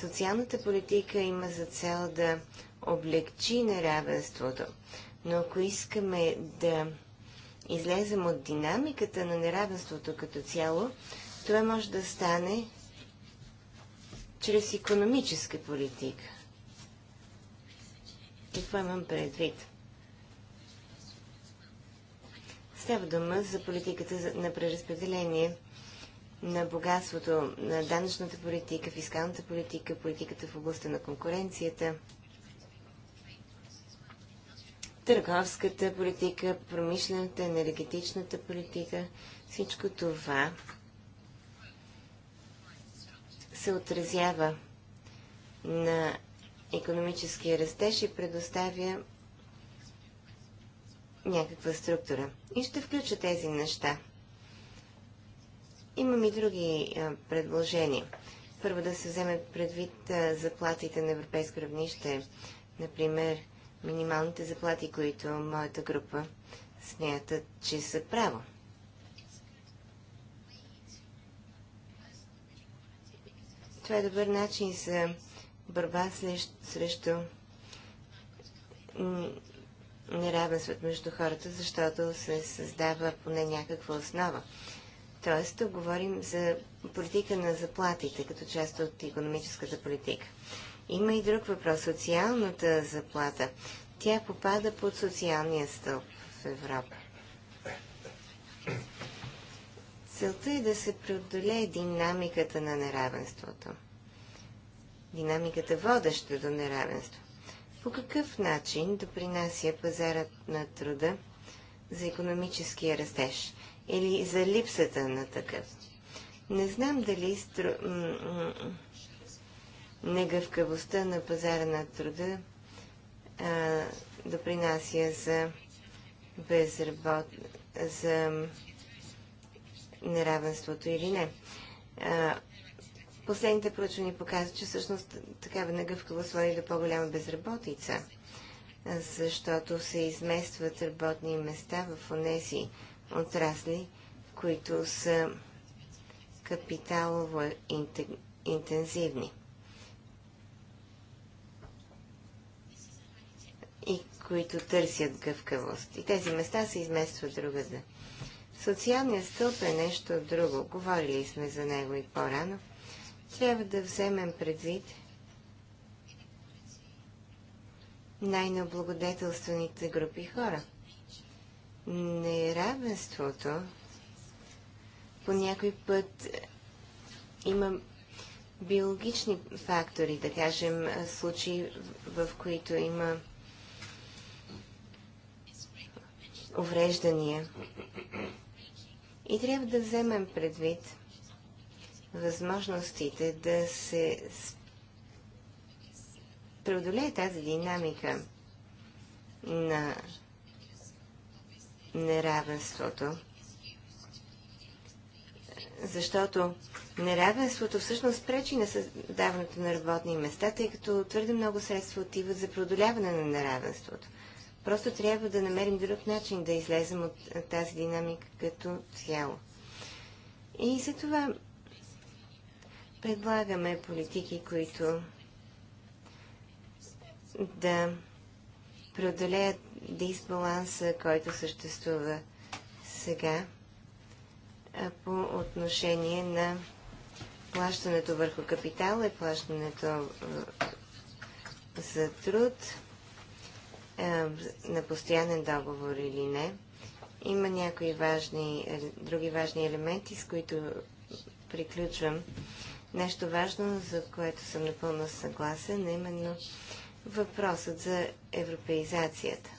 Социалната политика има за цел да облегчи неравенството, но ако искаме да излезем от динамиката на неравенството като цяло, това може да стане чрез економическа политика. Какво имам предвид? Става дума за политиката на преразпределение – на богатството, на данъчната политика, фискалната политика, политиката в областта на конкуренцията, търговската политика, промишлената, енергетичната политика, всичко това се отразява на економическия растеж и предоставя някаква структура. И ще включа тези неща – Имам и други предложения. Първо да се вземе предвид заплатите на европейско равнище, например минималните заплати, които моята група смятат, че са право. Това е добър начин за борба срещу неравенството между хората, защото се създава поне някаква основа. Тоест, тук говорим за политика на заплатите, като част от економическата политика. Има и друг въпрос. Социалната заплата. Тя попада под социалния стълб в Европа. Целта е да се преодолее динамиката на неравенството. Динамиката водеща до неравенство. По какъв начин допринася пазарът на труда за економическия растеж? или за липсата на такъв. Не знам дали стру... негъвкавостта на пазара на труда а, допринася за безработ... за неравенството или не. А, последните проучвания показват, че всъщност такава негъвкавост води до по-голяма безработица, защото се изместват работни места в онези отрасли, които са капиталово интензивни. И които търсят гъвкавост. И тези места се изместват другаде. Социалният стълб е нещо друго. Говорили сме за него и по-рано. Трябва да вземем предвид най-необлагодетелствените групи хора – неравенството по някой път има биологични фактори, да кажем, случаи, в които има увреждания. И трябва да вземем предвид възможностите да се преодолее тази динамика на неравенството. Защото неравенството всъщност пречи на създаването на работни места, тъй като твърде много средства отиват за преодоляване на неравенството. Просто трябва да намерим друг начин да излезем от тази динамика като цяло. И за това предлагаме политики, които да преодолеят дисбаланса, който съществува сега по отношение на плащането върху капитала и плащането за труд на постоянен договор или не. Има някои важни, други важни елементи, с които приключвам. Нещо важно, за което съм напълно съгласен, е именно въпросът за европеизацията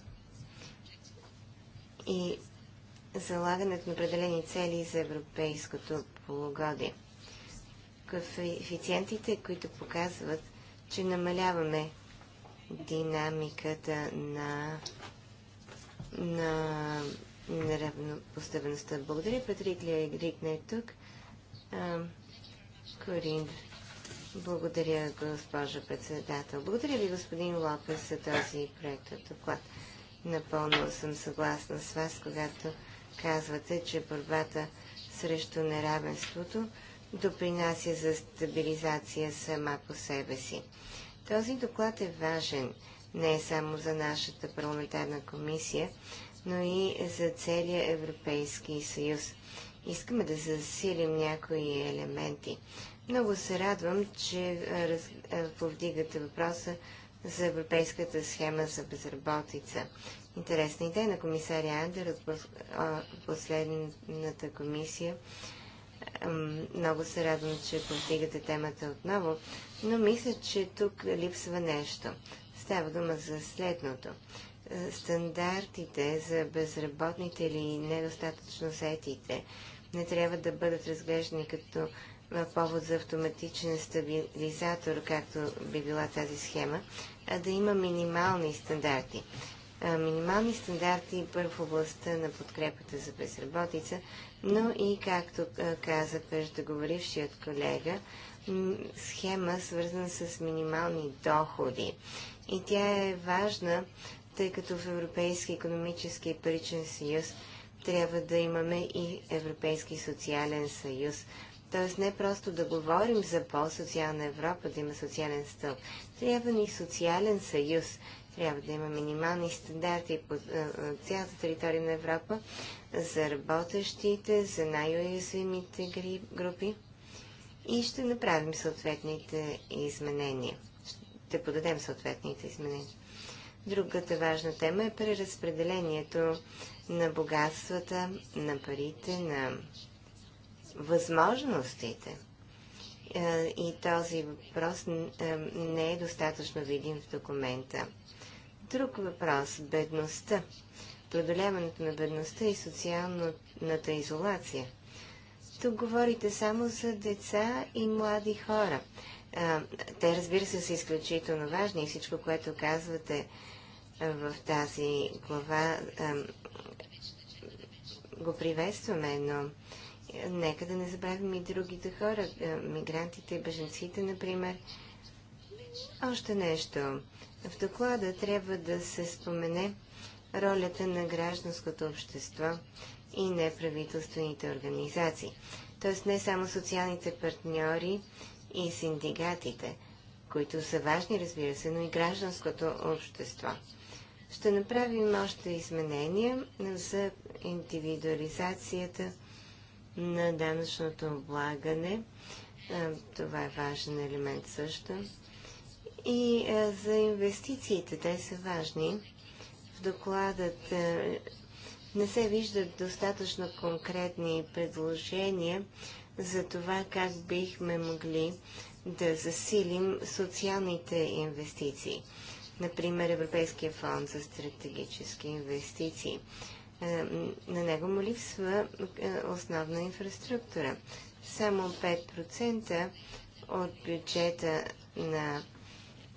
и залагането на определени цели за европейското полугодие. Коефициентите, които показват, че намаляваме динамиката на, на равнопоставеността. Благодаря, Патрик Лерик не е тук. Корин благодаря, госпожа председател. Благодаря ви, господин Лопес, за този проект от доклад. Напълно съм съгласна с вас, когато казвате, че борбата срещу неравенството допринася за стабилизация сама по себе си. Този доклад е важен не само за нашата парламентарна комисия, но и за целия Европейски съюз. Искаме да засилим някои елементи. Много се радвам, че раз... повдигате въпроса за европейската схема за безработица. Интересна идея на комисаря Андер от последната комисия. Много се радвам, че повдигате темата отново, но мисля, че тук липсва нещо. Става дума за следното. Стандартите за безработните или недостатъчно сетите не трябва да бъдат разглеждани като повод за автоматичен стабилизатор, както би била тази схема, а да има минимални стандарти. Минимални стандарти първо в областта на подкрепата за безработица, но и, както каза преждеговорившият колега, схема свързана с минимални доходи. И тя е важна, тъй като в Европейски економически и паричен съюз трябва да имаме и Европейски социален съюз, Тоест не просто да говорим за по-социална Европа, да има социален стълб. Трябва ни социален съюз. Трябва да има минимални стандарти по цялата територия на Европа за работещите, за най-уязвимите групи. И ще направим съответните изменения. Ще подадем съответните изменения. Другата важна тема е преразпределението на богатствата, на парите, на възможностите. Е, и този въпрос е, не е достатъчно видим в документа. Друг въпрос – бедността. Продоляването на бедността и социалната изолация. Тук говорите само за деца и млади хора. Е, те, разбира се, са изключително важни и всичко, което казвате в тази глава, го приветстваме, но Нека да не забравим и другите хора, е, мигрантите и беженците, например. Още нещо. В доклада трябва да се спомене ролята на гражданското общество и неправителствените организации. Тоест не само социалните партньори и синдикатите, които са важни, разбира се, но и гражданското общество. Ще направим още изменения за индивидуализацията на данъчното облагане. Това е важен елемент също. И за инвестициите, те са важни. В докладът не се виждат достатъчно конкретни предложения за това как бихме могли да засилим социалните инвестиции. Например, Европейския фонд за стратегически инвестиции. Е, на него му липсва е, основна инфраструктура. Само 5% от бюджета на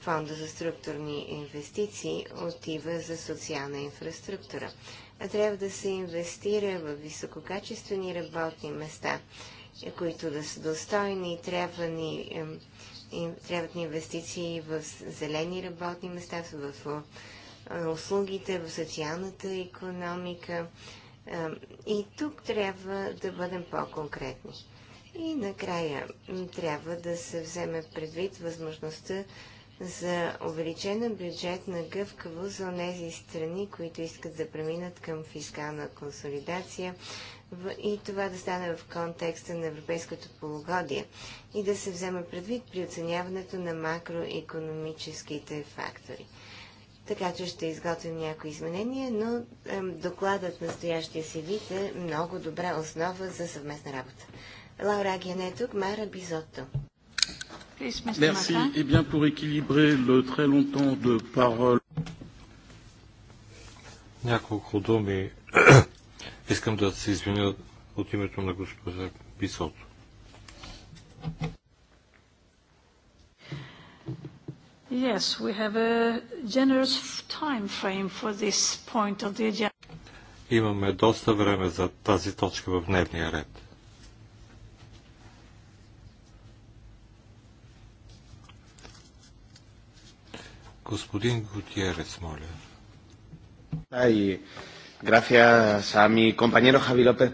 Фонда за структурни инвестиции отива за социална инфраструктура. А трябва да се инвестира в висококачествени работни места, които да са достойни, трябва ни, трябват ни инвестиции в зелени работни места, в услугите, в социалната економика. И тук трябва да бъдем по-конкретни. И накрая трябва да се вземе предвид възможността за увеличена бюджетна гъвкаво за тези страни, които искат да преминат към фискална консолидация и това да стане в контекста на европейското полугодие и да се вземе предвид при оценяването на макроекономическите фактори. Така че ще изготвим някои изменения, но е, докладът настоящия си вид е много добра основа за съвместна работа. Лаура Агия е тук, Мара Бизотто. Няколко думи искам да се извиня от името на госпожа Бисото. Yes, we have a generous time frame for this point of the agenda. Имаме доста време за тази точка в дневния ред. Господин Гутиерес, моля. Ай, графия сами, компаньеро Хави Лопе.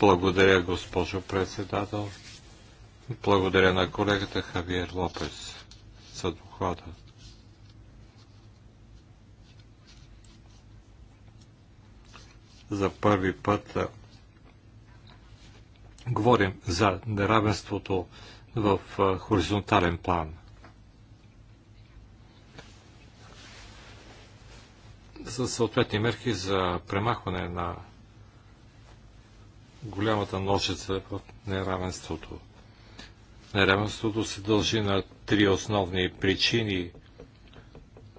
Благодаря, госпожо председател. Благодаря на колегата Хавиер Лопес за доклада. За първи път говорим за неравенството в хоризонтален план. За съответни мерки за премахване на голямата ножица в неравенството. Неравенството се дължи на три основни причини.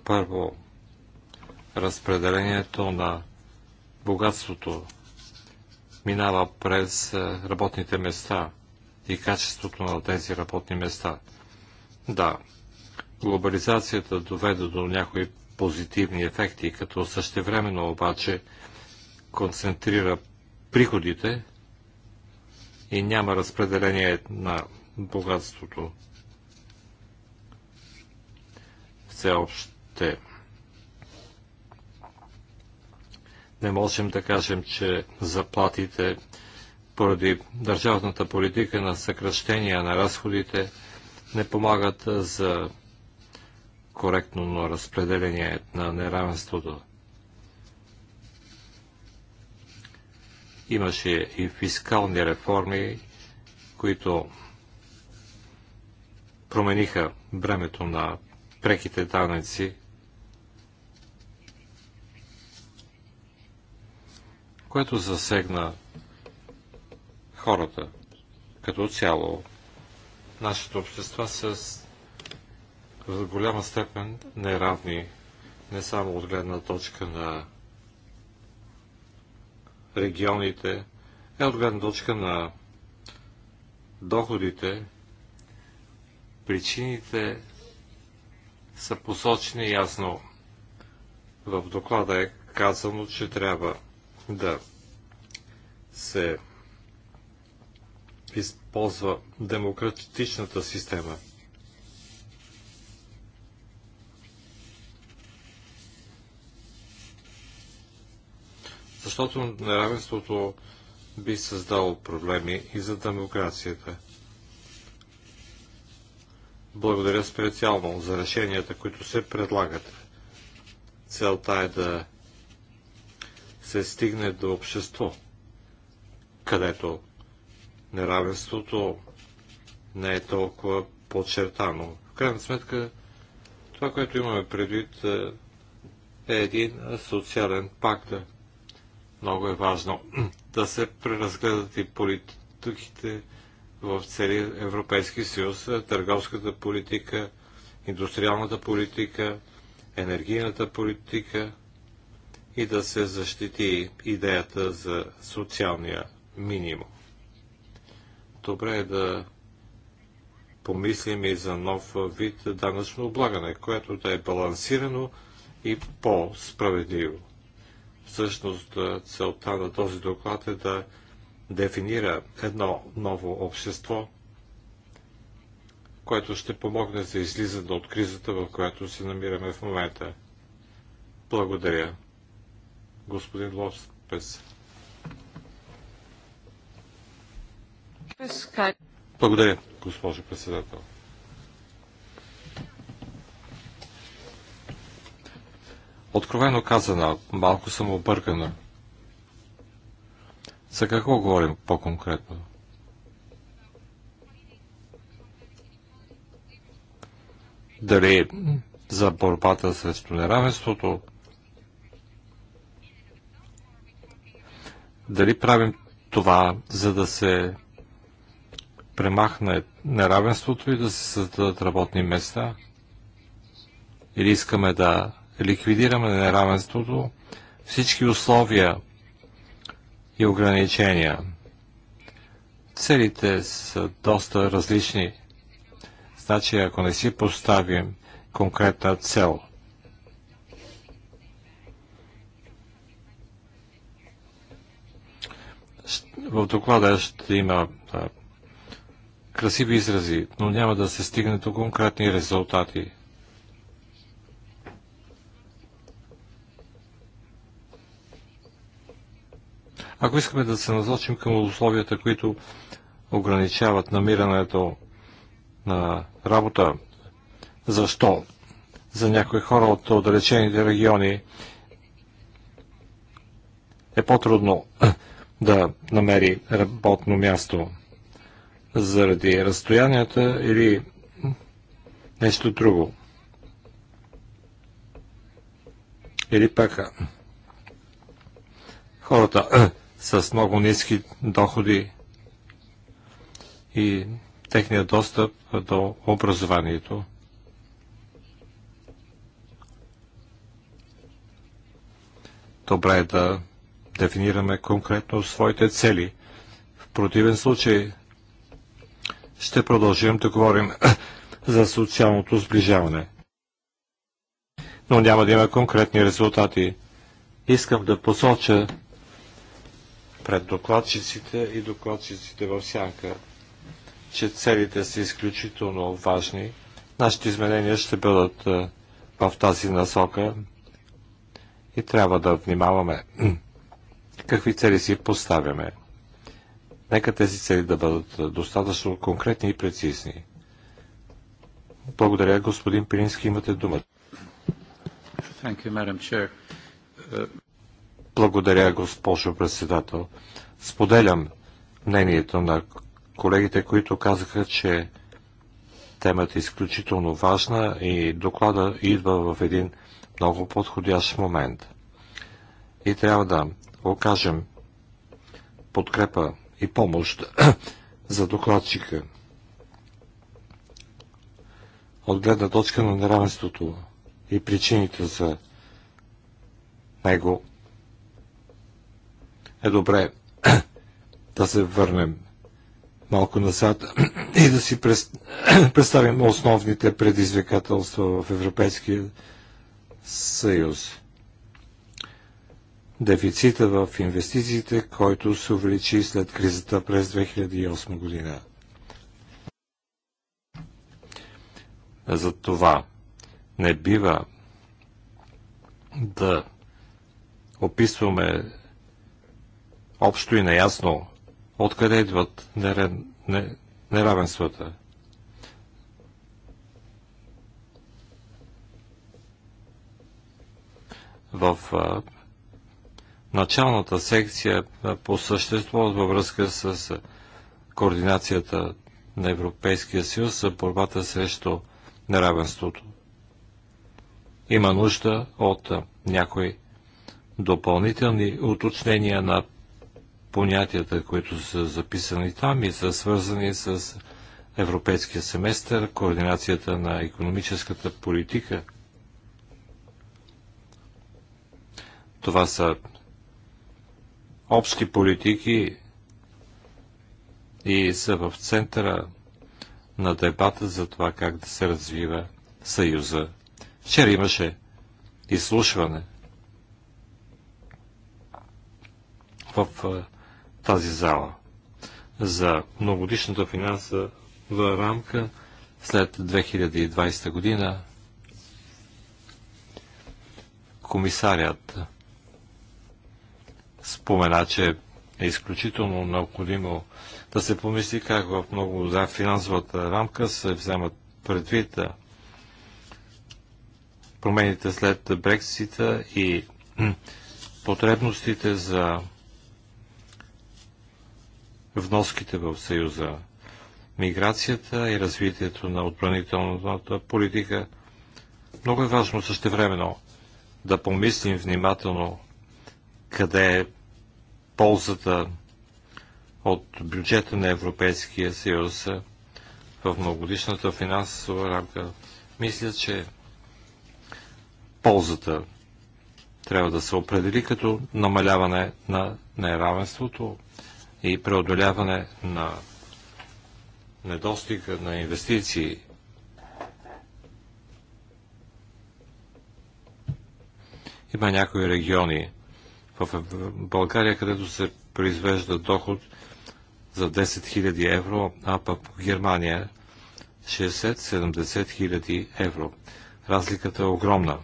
Първо, разпределението на богатството минава през е, работните места и качеството на тези работни места. Да, глобализацията доведе до някои позитивни ефекти, като същевременно обаче концентрира приходите и няма разпределение на богатството все още не можем да кажем, че заплатите поради държавната политика на съкръщения на разходите не помагат за коректно разпределение на неравенството. Имаше и фискални реформи, които промениха времето на преките данъци, което засегна хората като цяло. Нашите общества с в голяма степен неравни, не само от гледна точка на регионите, а от гледна точка на доходите, причините са посочени ясно. В доклада е казано, че трябва да се използва демократичната система. Защото неравенството би създало проблеми и за демокрацията. Благодаря специално за решенията, които се предлагат. Целта е да се стигне до общество, където неравенството не е толкова подчертано. В крайна сметка, това, което имаме предвид, е, е един социален пакт. Много е важно да се преразгледат и политиките, в целия Европейски съюз, е, търговската политика, индустриалната политика, енергийната политика и да се защити идеята за социалния минимум. Добре е да помислим и за нов вид данъчно облагане, което да е балансирано и по-справедливо. Всъщност е, целта на този доклад е да дефинира едно ново общество, което ще помогне за излизане от кризата, в която се намираме в момента. Благодаря. Господин Лоспес. Благодаря, госпожо председател. Откровено казана, малко съм объркана. За какво говорим по-конкретно? Дали за борбата срещу неравенството? Дали правим това, за да се премахне неравенството и да се създадат работни места? Или искаме да ликвидираме неравенството? Всички условия и ограничения. Целите са доста различни. Значи, ако не си поставим конкретна цел, в доклада ще има красиви изрази, но няма да се стигне до конкретни резултати. Ако искаме да се насочим към условията, които ограничават намирането на работа, защо за някои хора от отдалечените региони е по-трудно да намери работно място заради разстоянията или нещо друго. Или пък хората с много ниски доходи и техния достъп до образованието. Добре е да дефинираме конкретно своите цели. В противен случай ще продължим да говорим за социалното сближаване. Но няма да има конкретни резултати. Искам да посоча пред докладчиците и докладчиците в сянка, че целите са изключително важни. Нашите изменения ще бъдат е, в тази насока и трябва да внимаваме какви цели си поставяме. Нека тези цели да бъдат е, достатъчно конкретни и прецизни. Благодаря, господин Пирински, имате думата. Thank you, Madam Chair. Благодаря, госпожо председател. Споделям мнението на колегите, които казаха, че темата е изключително важна и доклада идва в един много подходящ момент. И трябва да окажем подкрепа и помощ за докладчика. От гледна точка на неравенството и причините за него е добре да се върнем малко назад и да си представим основните предизвикателства в Европейския съюз. Дефицита в инвестициите, който се увеличи след кризата през 2008 година. Затова не бива да описваме общо и неясно откъде идват неравенствата. В началната секция по същество във връзка с координацията на Европейския съюз за борбата срещу неравенството. Има нужда от някои допълнителни уточнения на понятията, които са записани там и са свързани с европейския семестър, координацията на економическата политика. Това са общи политики и са в центъра на дебата за това как да се развива Съюза. Вчера имаше изслушване в тази зала за многодишната финансова рамка след 2020 година. Комисарят спомена, че е изключително необходимо да се помисли как в много за финансовата рамка се вземат предвид промените след Брексита и потребностите за вноските в Съюза. Миграцията и развитието на отбранителната политика. Много е важно времено да помислим внимателно къде е ползата от бюджета на Европейския съюз в многогодишната финансова рамка. Мисля, че ползата трябва да се определи като намаляване на неравенството и преодоляване на недостига на инвестиции. Има някои региони в България, където се произвежда доход за 10 000 евро, а пък в Германия 60-70 000 евро. Разликата е огромна.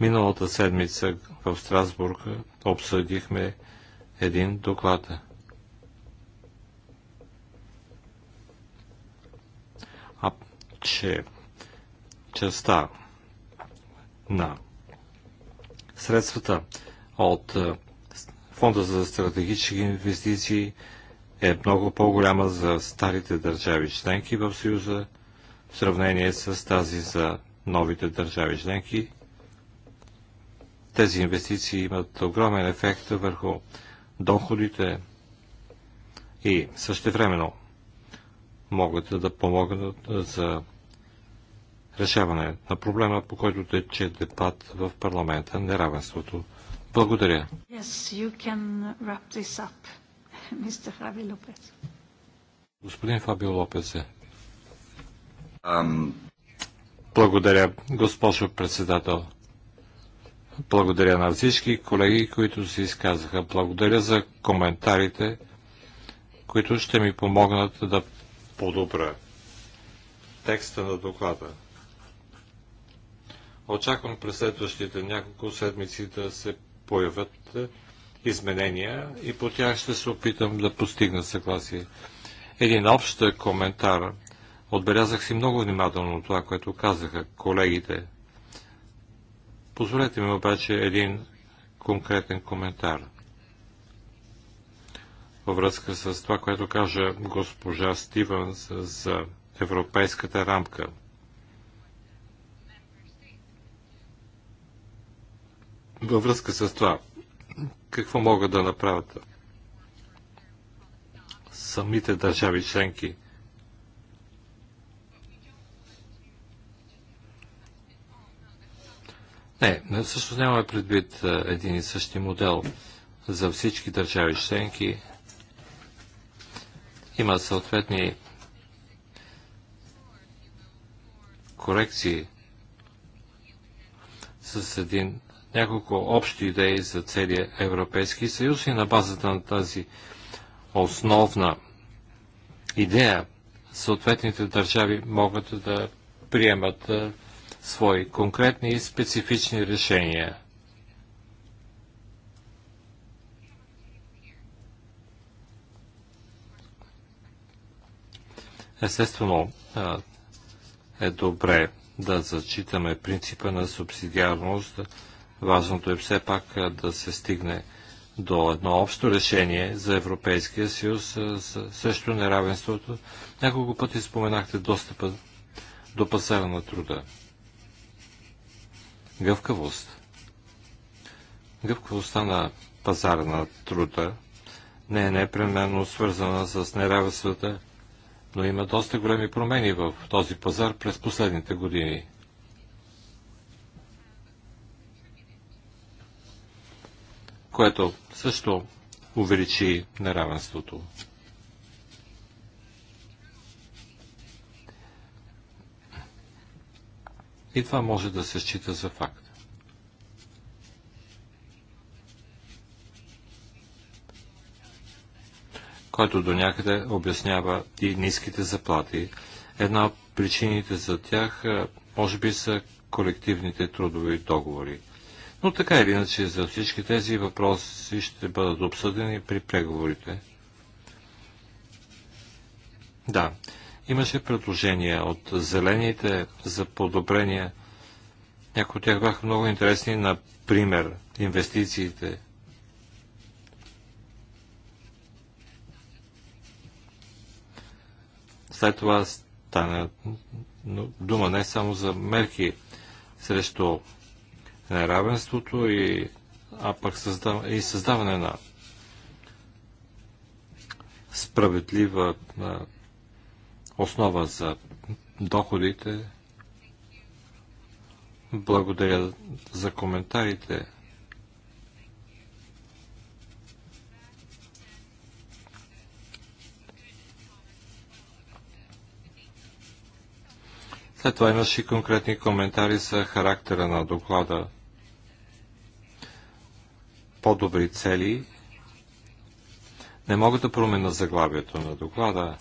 Миналата седмица в Страсбург обсъдихме един доклад че частта на средствата от е, Фонда за стратегически инвестиции е много по-голяма за старите държави членки в Съюза в сравнение с тази за новите държави членки. Тези инвестиции имат огромен ефект върху доходите и също времено могат да помогнат за решаване на проблема, по който тече дебат в парламента, неравенството. Благодаря. Yes, up, Господин Фабио Лопес е. Um... Благодаря, госпожо председател. Благодаря на всички колеги, които се изказаха. Благодаря за коментарите, които ще ми помогнат да подобра текста на доклада. Очаквам през следващите няколко седмици да се появят е, изменения и по тях ще се опитам да постигна съгласие. Един общ коментар. Отбелязах си много внимателно това, което казаха колегите. Позволете ми обаче един конкретен коментар във връзка с това, което каже госпожа Стивенс за европейската рамка – Във връзка с това, какво могат да направят самите държави членки? Не, също нямаме предвид е, един и същи модел за всички държави членки. Има съответни корекции с един няколко общи идеи за целия Европейски съюз и на базата на тази основна идея съответните държави могат да приемат свои конкретни и специфични решения. Естествено, е добре да зачитаме принципа на субсидиарност, Важното е все пак да се стигне до едно общо решение за Европейския съюз срещу неравенството. Няколко пъти споменахте достъпа до пазара на труда. Гъвкавост. Гъвкавостта на пазара на труда не е непременно свързана с неравенствата, но има доста големи промени в този пазар през последните години – което също увеличи неравенството. И това може да се счита за факт. който до някъде обяснява и ниските заплати. Една от причините за тях е, може би са колективните трудови договори. Но така или иначе за всички тези въпроси ще бъдат обсъдени при преговорите. Да, имаше предложения от зелените за подобрения. Някои от тях бяха много интересни, например, инвестициите. След това стана дума не само за мерки срещу неравенството и, а пък създав, и създаване на справедлива на основа за доходите. Благодаря за коментарите. След това имаше и конкретни коментари за характера на доклада по-добри цели. Не мога да променя заглавието на доклада.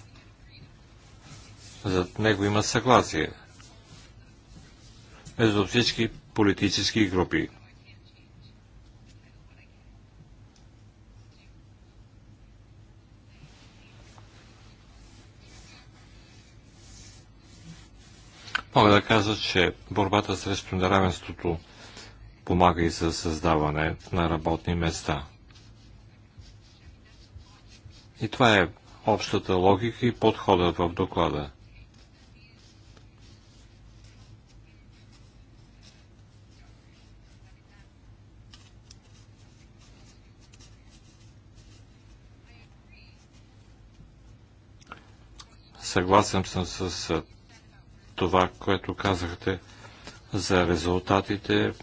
Зад него има съгласие между всички политически групи. Мога да кажа, че борбата срещу неравенството помага и за създаване на работни места. И това е общата логика и подходът в доклада. Съгласен съм с това, което казахте за резултатите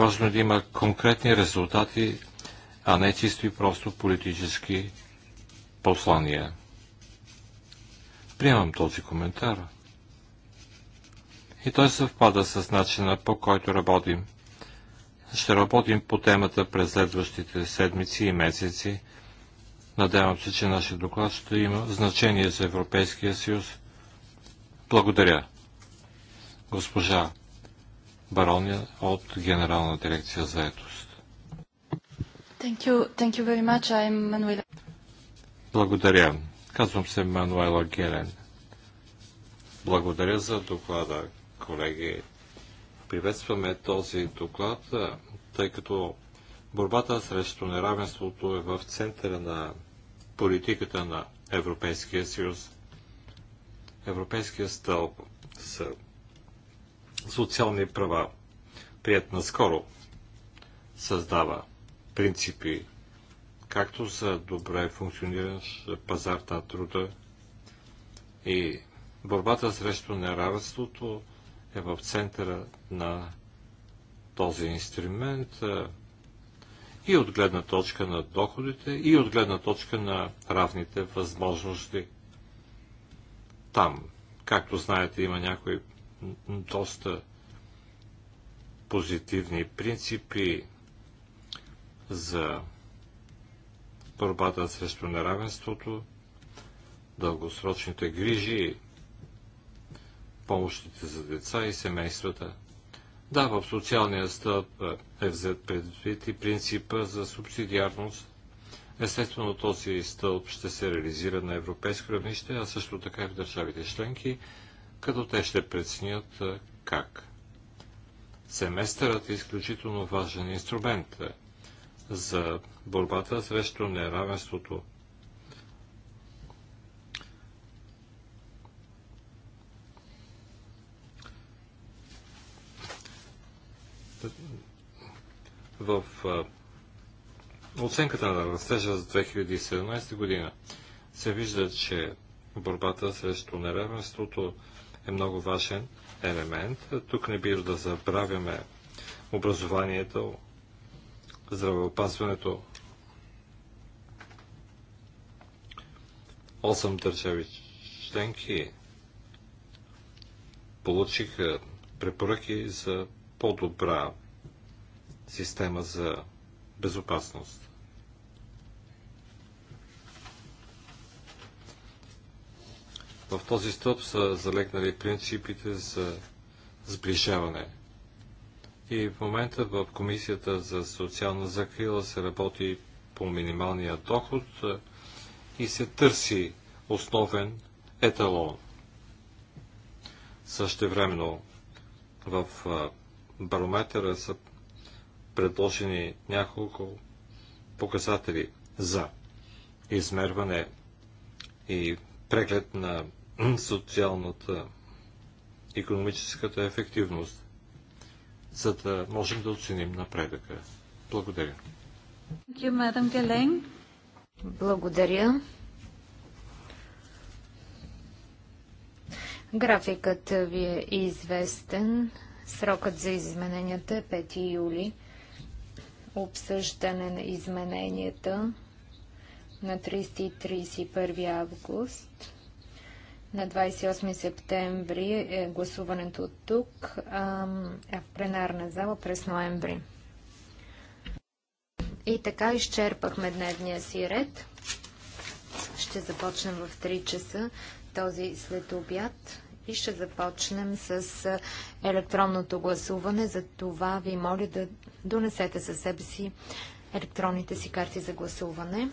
Важно е да има конкретни резултати, а не чисто и просто политически послания. Приемам този коментар. И той съвпада с начина по който работим. Ще работим по темата през следващите седмици и месеци. Надявам се, че нашия доклад ще има значение за Европейския съюз. Благодаря. Госпожа Бароня от Генерална дирекция за етост. Thank you. Thank you very much. I'm Manuela. Благодаря. Казвам се Мануела Герен. Благодаря за доклада, колеги. Приветстваме този доклад, тъй като борбата срещу неравенството е в центъра на политиката на Европейския съюз. Европейския стълб са социални права, прият наскоро, създава принципи както за добре функциониращ пазар на труда и борбата срещу неравенството е в центъра на този инструмент и от гледна точка на доходите, и от гледна точка на равните възможности. Там, както знаете, има някои доста позитивни принципи за борбата срещу неравенството, дългосрочните грижи, помощите за деца и семействата. Да, в социалния стълб е, е взет предвид и принципа за субсидиарност. Естествено, този стълб ще се реализира на европейско равнище, а също така и в държавите членки – като те ще преценят как. Семестърът е изключително важен инструмент за борбата срещу неравенството. В оценката на растежа за 2017 година се вижда, че борбата срещу неравенството е много важен елемент. Тук не бива да забравяме образованието, здравеопазването. 8 държави членки получиха препоръки за по-добра система за безопасност. В този стълб са залегнали принципите за сближаване. И в момента в Комисията за социална закрила се работи по минималния доход и се търси основен еталон. Същевременно в барометъра са предложени няколко показатели за измерване и преглед на социалната, економическата ефективност, за да можем да оценим напредъка. Благодаря. Благодаря. Графикът ви е известен. Срокът за измененията е 5 юли. Обсъждане на измененията на 30 и 31 август на 28 септември е гласуването от тук, а е в пленарна зала през ноември. И така изчерпахме дневния си ред. Ще започнем в 3 часа този след обяд и ще започнем с електронното гласуване. За това ви моля да донесете със себе си електронните си карти за гласуване.